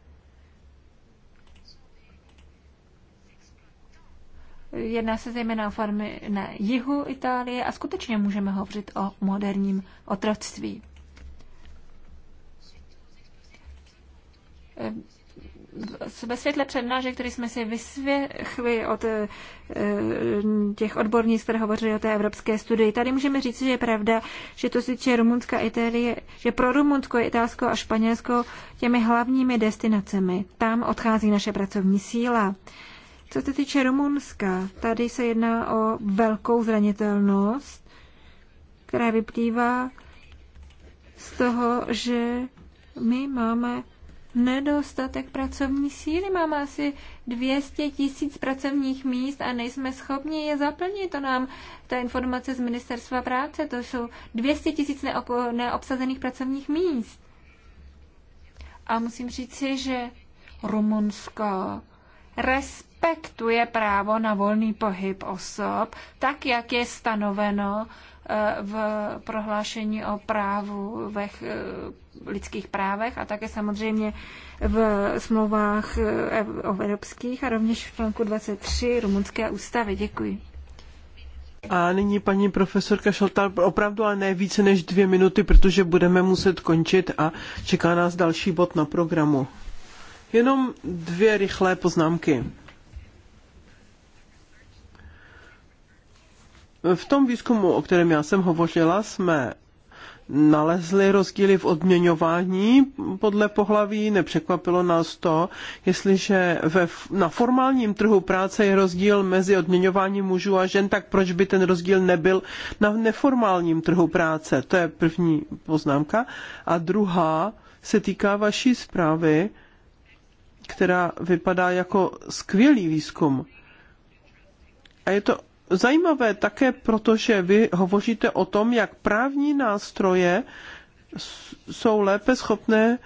Jedná se zejména o farmy na jihu Itálie a skutečně můžeme hovořit o moderním otroctví. Ehm, ve světle přednášek, který jsme si vysvěchli od eh, těch odborníků, které hovořili o té evropské studii, tady můžeme říct, že je pravda, že to se Rumunská Rumunska, Itálie, že pro Rumunsko, Itálsko a Španělsko těmi hlavními destinacemi. Tam odchází naše pracovní síla. Co se týče Rumunska, tady se jedná o velkou zranitelnost, která vyplývá z toho, že my máme nedostatek pracovní síly. Máme asi 200 tisíc pracovních míst a nejsme schopni je zaplnit. To nám ta informace z Ministerstva práce, to jsou 200 tisíc neobsazených pracovních míst. A musím říci, že Rumunsko respektuje právo na volný pohyb osob, tak jak je stanoveno eh, v prohlášení o právu ve eh, lidských právech a také samozřejmě v smlouvách eh, evropských a rovněž v článku 23 rumunské ústavy. Děkuji. A nyní paní profesorka Šoltal, opravdu ale ne více než dvě minuty, protože budeme muset končit a čeká nás další bod na programu. Jenom dvě rychlé poznámky. V tom výzkumu, o kterém já jsem hovořila, jsme nalezli rozdíly v odměňování podle pohlaví. Nepřekvapilo nás to, jestliže ve, na formálním trhu práce je rozdíl mezi odměňováním mužů a žen, tak proč by ten rozdíl nebyl na neformálním trhu práce? To je první poznámka. A druhá se týká vaší zprávy která vypadá jako skvělý výzkum. A je to zajímavé také proto, že vy hovoříte o tom, jak právní nástroje jsou lépe schopné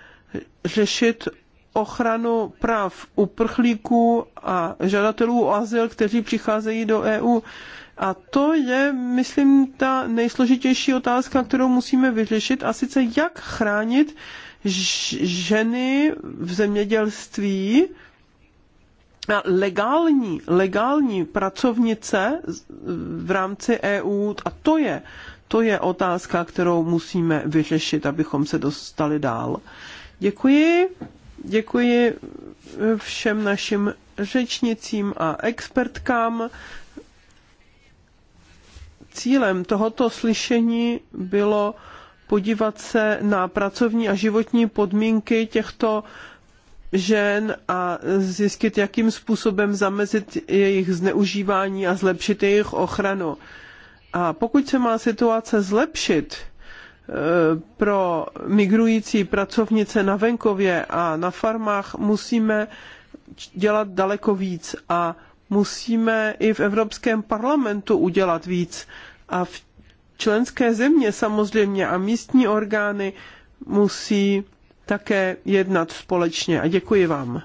řešit ochranu práv uprchlíků a žadatelů o azyl, kteří přicházejí do EU. A to je, myslím, ta nejsložitější otázka, kterou musíme vyřešit, a sice jak chránit ženy v zemědělství, a legální, legální pracovnice v rámci EU a to je, to je otázka, kterou musíme vyřešit, abychom se dostali dál. Děkuji, děkuji všem našim řečnicím a expertkám Cílem tohoto slyšení bylo podívat se na pracovní a životní podmínky těchto žen a zjistit, jakým způsobem zamezit jejich zneužívání a zlepšit jejich ochranu. A pokud se má situace zlepšit e, pro migrující pracovnice na venkově a na farmách, musíme dělat daleko víc a musíme i v Evropském parlamentu udělat víc a v členské země samozřejmě a místní orgány musí také jednat společně. A děkuji vám.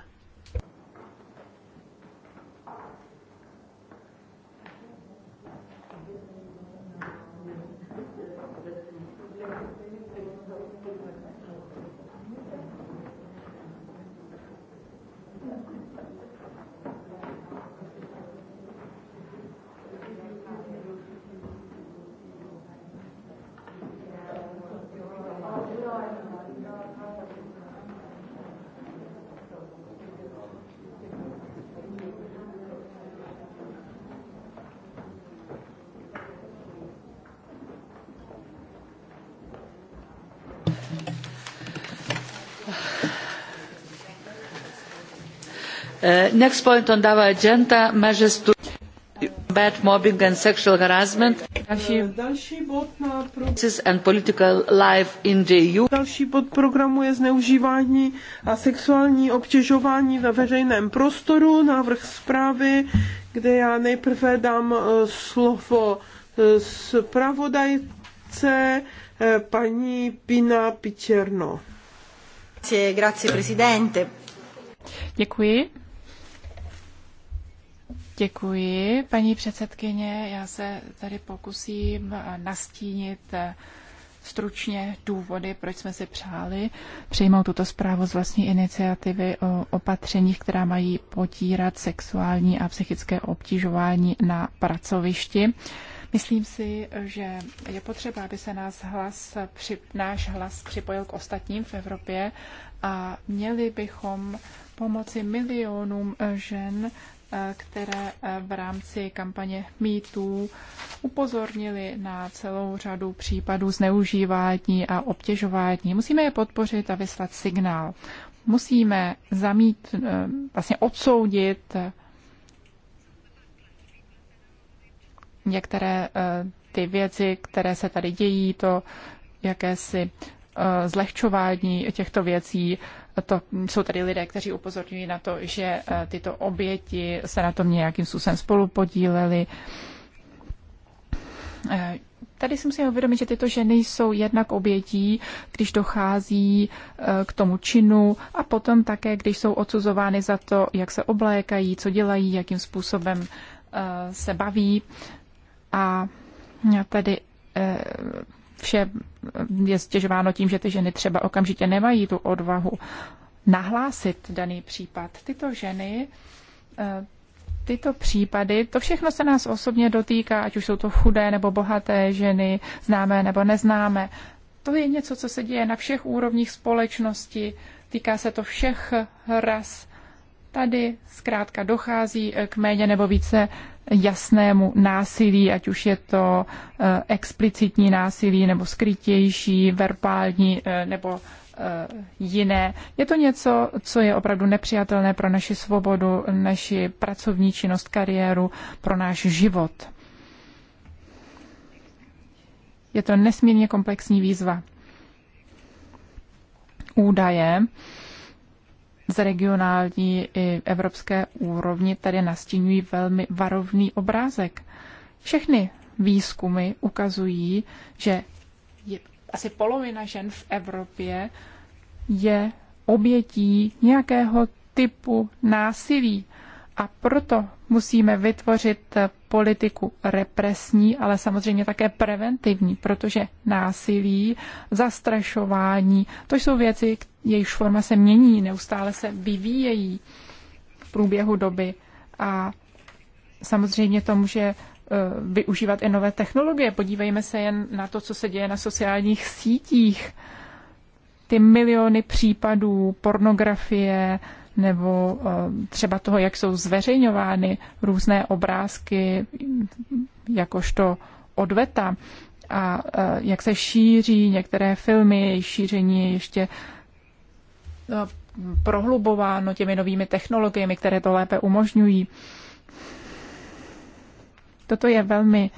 další, další bod programu je zneužívání a sexuální obtěžování ve veřejném prostoru, návrh zprávy, kde já nejprve dám e, slovo e, zpravodajce e, paní Pina Picerno. Grazie, grazie, presidente. Děkuji. Děkuji, paní předsedkyně. Já se tady pokusím eh, nastínit eh, stručně důvody, proč jsme si přáli přijmout tuto zprávu z vlastní iniciativy o opatřeních, která mají potírat sexuální a psychické obtěžování na pracovišti. Myslím si, že je potřeba, aby se nás hlas, při, náš hlas připojil k ostatním v Evropě a měli bychom pomoci milionům žen Eh, které eh, v rámci kampaně mýtů upozornili na celou řadu případů zneužívání a obtěžování. Musíme je podpořit a vyslat signál. Musíme zamít, eh, vlastně odsoudit některé ty věci, které se tady dějí, to jakési zlehčování těchto věcí to jsou tady lidé, kteří upozorňují na to, že eh, tyto oběti se na tom nějakým způsobem spolupodíleli. Eh, tady si musíme uvědomit, že tyto ženy jsou jednak obětí, když dochází eh, k tomu činu a potom také, když jsou odsuzovány za to, jak se oblékají, co dělají, jakým způsobem se baví. A tady vše je stěžováno tím, že ty ženy třeba okamžitě nemají tu odvahu nahlásit daný případ. Tyto ženy eh, tyto případy, to všechno se nás osobně dotýká, ať už jsou to chudé nebo bohaté ženy, známé nebo neznámé. To je něco, co se děje na všech úrovních společnosti, týká se to všech ras. Tady zkrátka dochází eh, k méně nebo více jasnému násilí, ať už je to eh, explicitní násilí nebo skrytější, verbální eh, nebo eh, jiné. Je to něco, co je opravdu nepřijatelné pro naši svobodu, naši pracovní činnost, kariéru, pro náš život. Je to nesmírně komplexní výzva. Údaje, z regionální i evropské úrovni tady nastínují velmi varovný obrázek. Všechny výzkumy ukazují, že je asi polovina žen v Evropě je obětí nějakého typu násilí. A proto musíme vytvořit politiku represní, ale samozřejmě také preventivní, protože násilí, zastrašování, to jsou věci, jejichž forma se mění, neustále se vyvíjejí v průběhu doby a samozřejmě to může e, využívat i nové technologie. Podívejme se jen na to, co se děje na sociálních sítích. Ty miliony případů pornografie, nebo eh, třeba toho, jak jsou zveřejňovány různé obrázky jakožto odveta a eh, jak se šíří některé filmy, jejich šíření je ještě eh, prohlubováno těmi novými technologiemi, které to lépe umožňují. Toto je velmi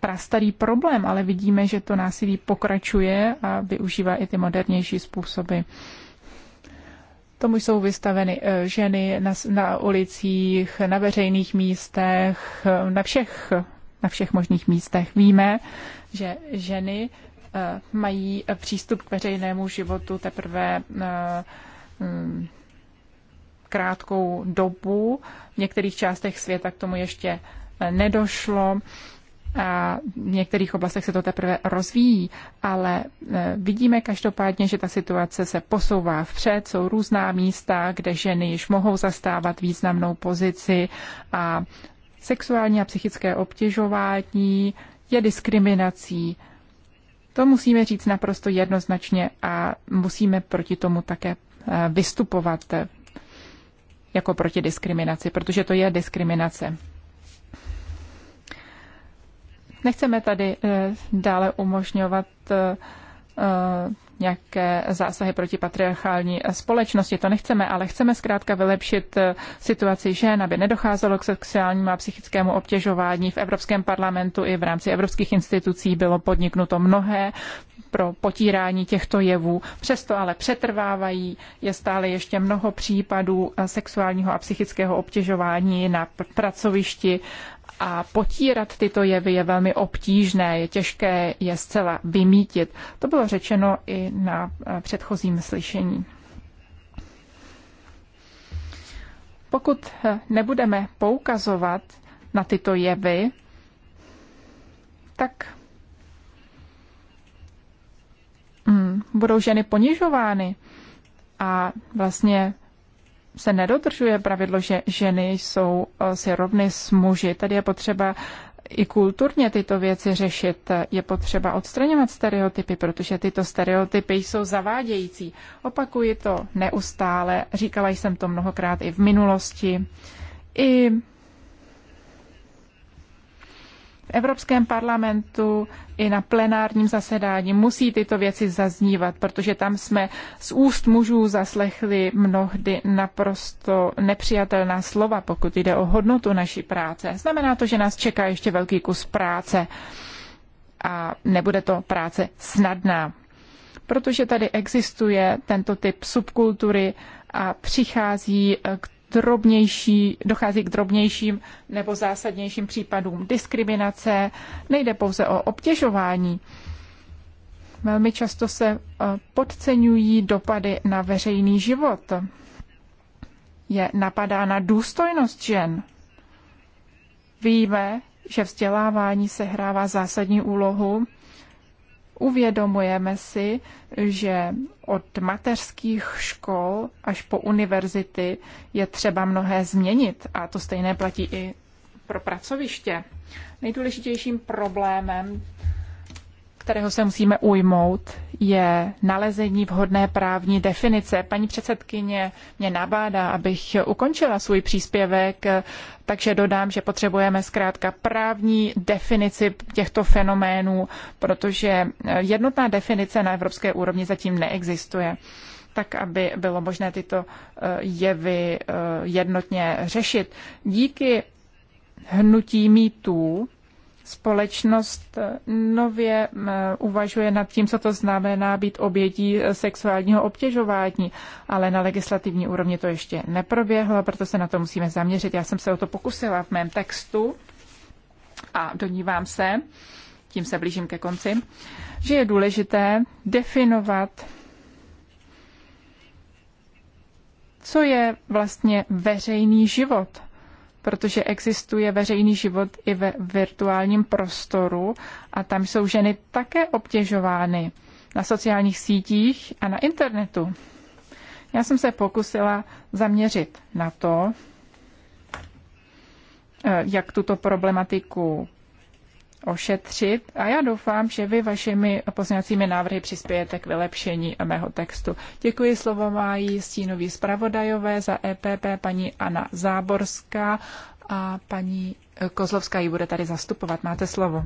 prastarý problém, ale vidíme, že to násilí pokračuje a využívá i ty modernější způsoby. Tomu jsou vystaveny e, ženy na, na ulicích, na veřejných místech, e, na všech, na všech možných místech. Víme, že ženy e, mají přístup k veřejnému životu teprve mm, krátkou dobu. V některých částech světa k tomu ještě nedošlo a v některých oblastech se to teprve rozvíjí, ale e, vidíme každopádně, že ta situace se posouvá vpřed, jsou různá místa, kde ženy již mohou zastávat významnou pozici a sexuální a psychické obtěžování je diskriminací. To musíme říct naprosto jednoznačně a musíme proti tomu také e, vystupovat jako proti diskriminaci, protože to je diskriminace. Nechceme tady eh, dále umožňovat eh, eh, nějaké zásahy proti patriarchální společnosti. To nechceme, ale chceme zkrátka vylepšit situaci žen, aby nedocházelo k sexuálnímu a psychickému obtěžování. V Evropském parlamentu i v rámci evropských institucí bylo podniknuto mnohé pro potírání těchto jevů. Přesto ale přetrvávají, je stále ještě mnoho případů sexuálního a psychického obtěžování na pracovišti a potírat tyto jevy je velmi obtížné, je těžké je zcela vymítit. To bylo řečeno i na e, předchozím slyšení. Pokud e, nebudeme poukazovat na tyto jevy, tak mm, budou ženy ponižovány a vlastně se nedodržuje pravidlo, že ženy jsou eh, si rovny s muži. Tady je potřeba i kulturně tyto věci řešit. Je potřeba odstraňovat stereotypy, protože tyto stereotypy jsou zavádějící. Opakuji to neustále, říkala jsem to mnohokrát i v minulosti. I v Evropském parlamentu i na plenárním zasedání musí tyto věci zaznívat, protože tam jsme z úst mužů zaslechli mnohdy naprosto nepřijatelná slova, pokud jde o hodnotu naší práce. Znamená to, že nás čeká ještě velký kus práce a nebude to práce snadná, protože tady existuje tento typ subkultury a přichází k drobnější, dochází k drobnějším nebo zásadnějším případům diskriminace. Nejde pouze o obtěžování. Velmi často se e, podceňují dopady na veřejný život. Je napadána důstojnost žen. Víme, že vzdělávání sehrává zásadní úlohu Uvědomujeme si, že od mateřských škol až po univerzity je třeba mnohé změnit a to stejné platí i pro pracoviště. Nejdůležitějším problémem kterého se musíme ujmout, je nalezení vhodné právní definice. Paní předsedkyně mě nabádá, abych ukončila svůj příspěvek, takže dodám, že potřebujeme zkrátka právní definici těchto fenoménů, protože jednotná definice na evropské úrovni zatím neexistuje tak aby bylo možné tyto eh, jevy eh, jednotně řešit. Díky hnutí mítů Společnost nově eh, uvažuje nad tím, co to znamená být obětí eh, sexuálního obtěžování, ale na legislativní úrovni to ještě neproběhlo, proto se na to musíme zaměřit. Já jsem se o to pokusila v mém textu a donívám se, tím se blížím ke konci, že je důležité definovat co je vlastně veřejný život protože existuje veřejný život i ve virtuálním prostoru a tam jsou ženy také obtěžovány na sociálních sítích a na internetu. Já jsem se pokusila zaměřit na to, eh, jak tuto problematiku ošetřit a já doufám, že vy vašimi pozněcími návrhy přispějete k vylepšení mého textu. Děkuji, slovo mají stínoví zpravodajové za EPP paní Anna Záborská a paní Kozlovská ji bude tady zastupovat. Máte slovo.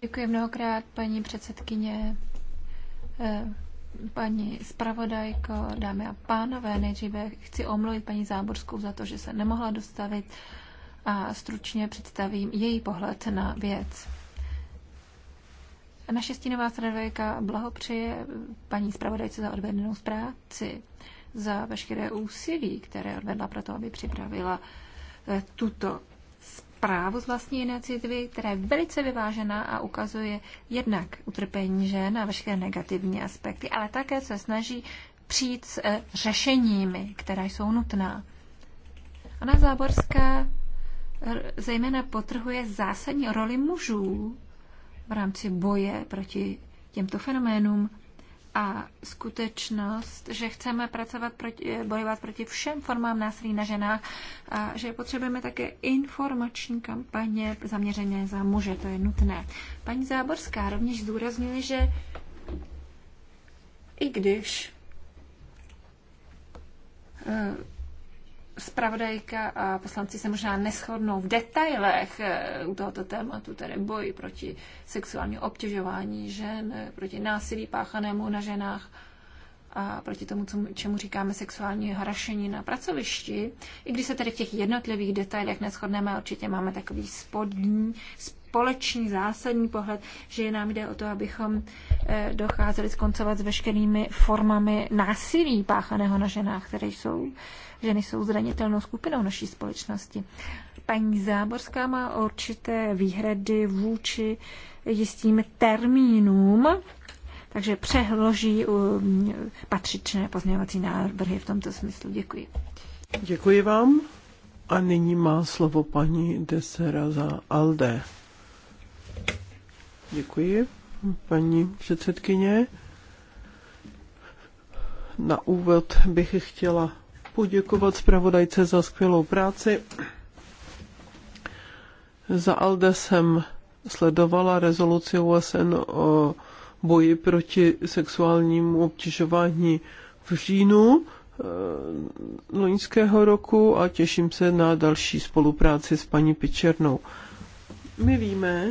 Děkuji mnohokrát, paní předsedkyně, eh, paní zpravodajko, dámy a pánové. Nejdříve chci omluvit paní Záborskou za to, že se nemohla dostavit a stručně představím její pohled na věc. Naše stínová stradověka blahopřeje paní zpravodajce za odvedenou práci, za veškeré úsilí, které odvedla pro to, aby připravila eh, tuto zprávu z vlastní iniciativy, která je velice vyvážená a ukazuje jednak utrpení žen a veškeré negativní aspekty, ale také se snaží přijít s eh, řešeními, která jsou nutná. Ona Záborská zejména potrhuje zásadní roli mužů v rámci boje proti těmto fenoménům a skutečnost, že chceme pracovat proti, bojovat proti všem formám násilí na ženách a že potřebujeme také informační kampaně zaměřené za muže, to je nutné. Paní Záborská rovněž zdůraznila, že i když eh, Spravodajka a poslanci se možná neschodnou v detailech eh, u tohoto tématu, tedy boji proti sexuálnímu obtěžování žen, eh, proti násilí páchanému na ženách a proti tomu, čemu říkáme sexuální harašení na pracovišti. I když se tedy v těch jednotlivých detailech neschodneme, určitě máme takový spodní, společný zásadní pohled, že nám jde o to, abychom eh, docházeli skoncovat s veškerými formami násilí páchaného na ženách, které jsou Ženy jsou zranitelnou skupinou naší společnosti. Paní Záborská má určité výhrady vůči jistým termínům, takže přehloží um, patřičné pozměňovací návrhy v tomto smyslu. Děkuji. Děkuji vám. A nyní má slovo paní Desera za Alde. Děkuji, paní předsedkyně. Na úvod bych chtěla poděkovat zpravodajce za skvělou práci. Za ALDE jsem sledovala rezoluci OSN o boji proti sexuálnímu obtěžování v říjnu eh, loňského roku a těším se na další spolupráci s paní Pičernou. My víme,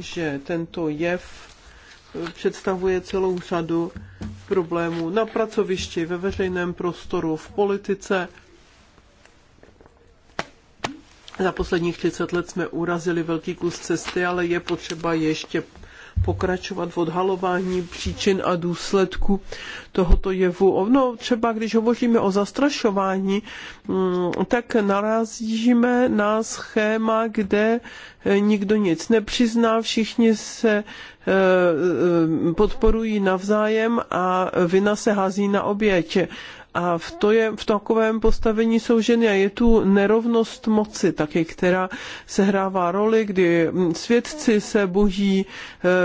že tento jev představuje celou řadu problémů na pracovišti, ve veřejném prostoru, v politice. Za posledních 30 let jsme urazili velký kus cesty, ale je potřeba ještě pokračovat v odhalování příčin a důsledků tohoto jevu. No, třeba když hovoříme o zastrašování, mm, tak narazíme na schéma, kde nikdo nic nepřizná, všichni se eh, eh, podporují navzájem a vina se hází na oběť. A v, to je, v takovém postavení jsou ženy a je tu nerovnost moci taky, která sehrává roli, kdy hm, svědci se bojí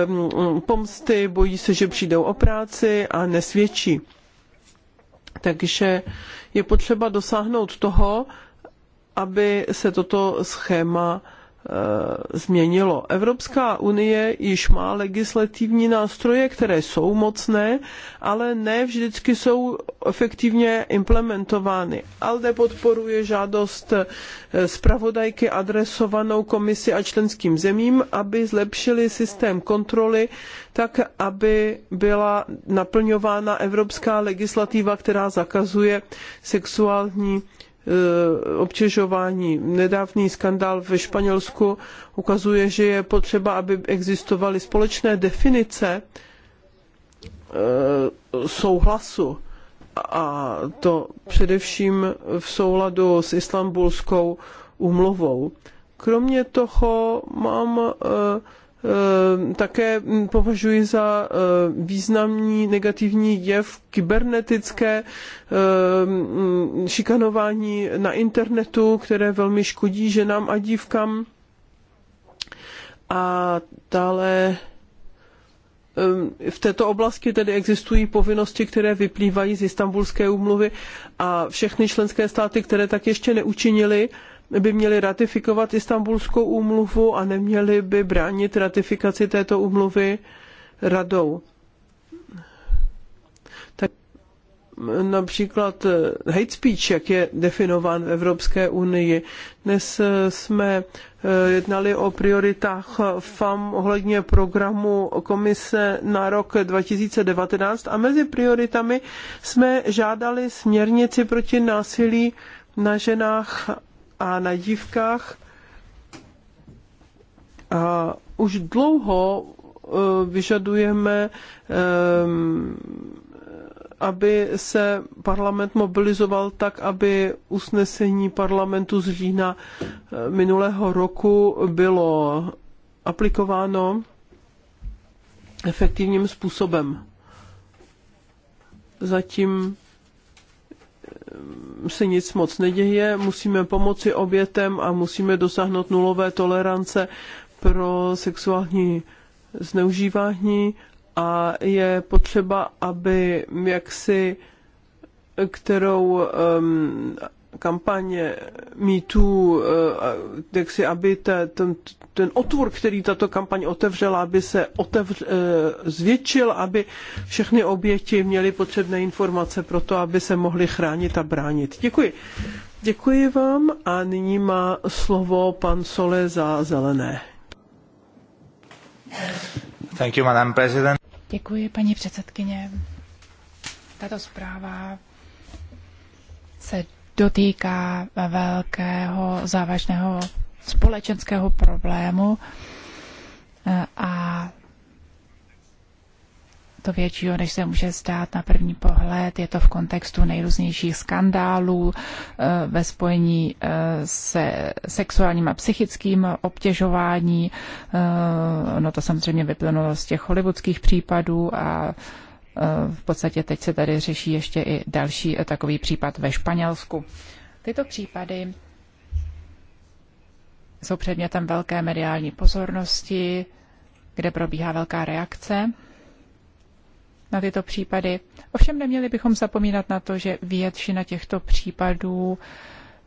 hm, pomsty, bojí se, že přijdou o práci a nesvědčí. Takže je potřeba dosáhnout toho, aby se toto schéma Eh, změnilo. Evropská unie již má legislativní nástroje, které jsou mocné, ale ne vždycky jsou efektivně implementovány. ALDE podporuje žádost eh, zpravodajky adresovanou komisi a členským zemím, aby zlepšili systém kontroly tak, aby byla naplňována evropská legislativa, která zakazuje sexuální Eh, obtěžování. Nedávný skandál ve Španělsku ukazuje, že je potřeba, aby existovaly společné definice eh, souhlasu a to především v souladu s Istanbulskou úmluvou. Kromě toho mám eh, Ehm, také hm, považuji za ehm, významný negativní jev kybernetické ehm, hm, šikanování na internetu, které velmi škodí ženám a dívkám. A dále v této oblasti tedy existují povinnosti, které vyplývají z Istanbulské úmluvy a všechny členské státy, které tak ještě neučinily, by měly ratifikovat Istanbulskou úmluvu a neměly by bránit ratifikaci této úmluvy radou. Tak například eh, hate speech, jak je definován v Evropské unii. Dnes eh, jsme eh, jednali o prioritách FAM ohledně programu komise na rok 2019 a mezi prioritami jsme žádali směrnici proti násilí na ženách a na dívkách. A už dlouho e, vyžadujeme, aby se parlament mobilizoval tak, aby usnesení parlamentu z října e, minulého roku bylo aplikováno efektivním způsobem. Zatím se nic moc neděje, musíme pomoci obětem a musíme dosáhnout nulové tolerance pro sexuální zneužívání a je potřeba, aby jaksi kterou um, kampaně MeToo, eh, jak si, aby ten, ten otvor, který tato kampaň otevřela, aby se otevř, eh, zvětšil, aby všechny oběti měly potřebné informace pro to, aby se mohly chránit a bránit. Děkuji. Děkuji vám a nyní má slovo pan Sole za zelené. Thank you, madam president. Děkuji, paní předsedkyně. Tato zpráva se dotýká velkého závažného společenského problému eh, a to většího, než se může zdát na první pohled. Je to v kontextu nejrůznějších skandálů eh, ve spojení eh, se sexuálním a psychickým obtěžování. No to samozřejmě vyplynulo z těch hollywoodských případů a Eh, v podstatě teď se tady řeší ještě i další eh, takový případ ve Španělsku. Tyto případy jsou předmětem velké mediální pozornosti, kde probíhá velká reakce na tyto případy. Ovšem neměli bychom zapomínat na to, že většina těchto případů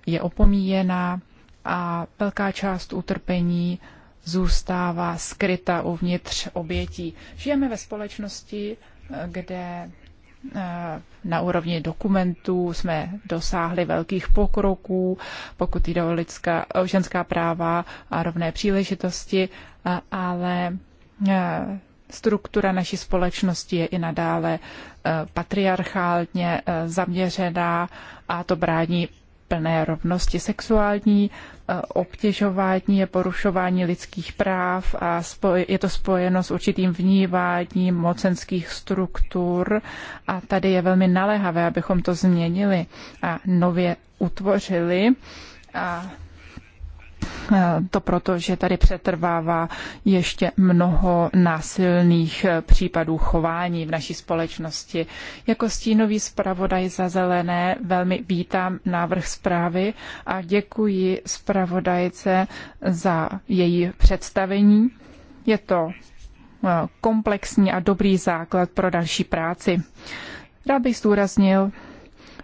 je opomíjena a velká část utrpení zůstává skryta uvnitř obětí. Žijeme ve společnosti, kde eh, na úrovni dokumentů jsme dosáhli velkých pokroků, pokud jde o, lidská, ženská práva a rovné příležitosti, ale eh, struktura naší společnosti je i nadále eh, patriarchálně zaměřená a to brání plné rovnosti sexuální, obtěžování je porušování lidských práv a je to spojeno s určitým vníváním mocenských struktur a tady je velmi naléhavé, abychom to změnili a nově utvořili. A to proto, že tady přetrvává ještě mnoho násilných eh, případů chování v naší společnosti. Jako stínový zpravodaj za zelené velmi vítám návrh zprávy a děkuji zpravodajce za její představení. Je to eh, komplexní a dobrý základ pro další práci. Rád bych zdůraznil,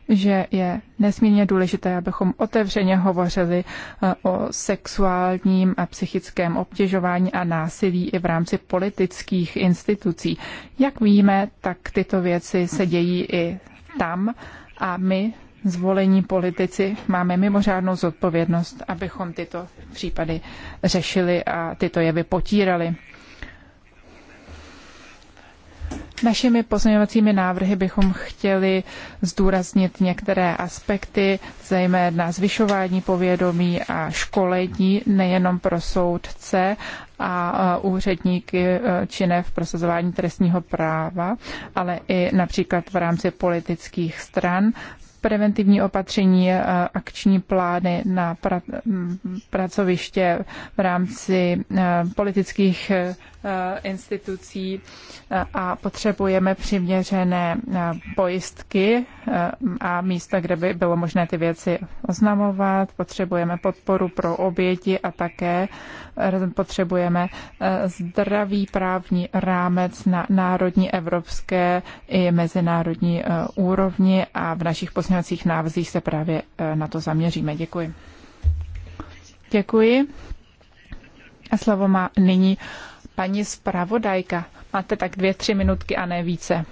že je nesmírně důležité, abychom otevřeně hovořili eh, o sexuálním a psychickém obtěžování a násilí i v rámci politických institucí. Jak víme, tak tyto věci se dějí i tam a my, zvolení politici, máme mimořádnou zodpovědnost, abychom tyto případy řešili a tyto jevy potírali. Našimi pozměňovacími návrhy bychom chtěli zdůraznit některé aspekty, zejména zvyšování povědomí a školení nejenom pro soudce a úředníky e, činné v prosazování trestního práva, ale i například v rámci politických stran, preventivní opatření, eh, akční plány na pra, mm, pracoviště v rámci eh, politických eh, institucí a potřebujeme přiměřené pojistky a místa, kde by bylo možné ty věci oznamovat. Potřebujeme podporu pro oběti a také potřebujeme zdravý právní rámec na národní, evropské i mezinárodní úrovni a v našich pozměňovacích pozměňovacích návrzích se právě e, na to zaměříme. Děkuji. Děkuji. A slovo má nyní paní zpravodajka. Máte tak dvě, tři minutky a ne více.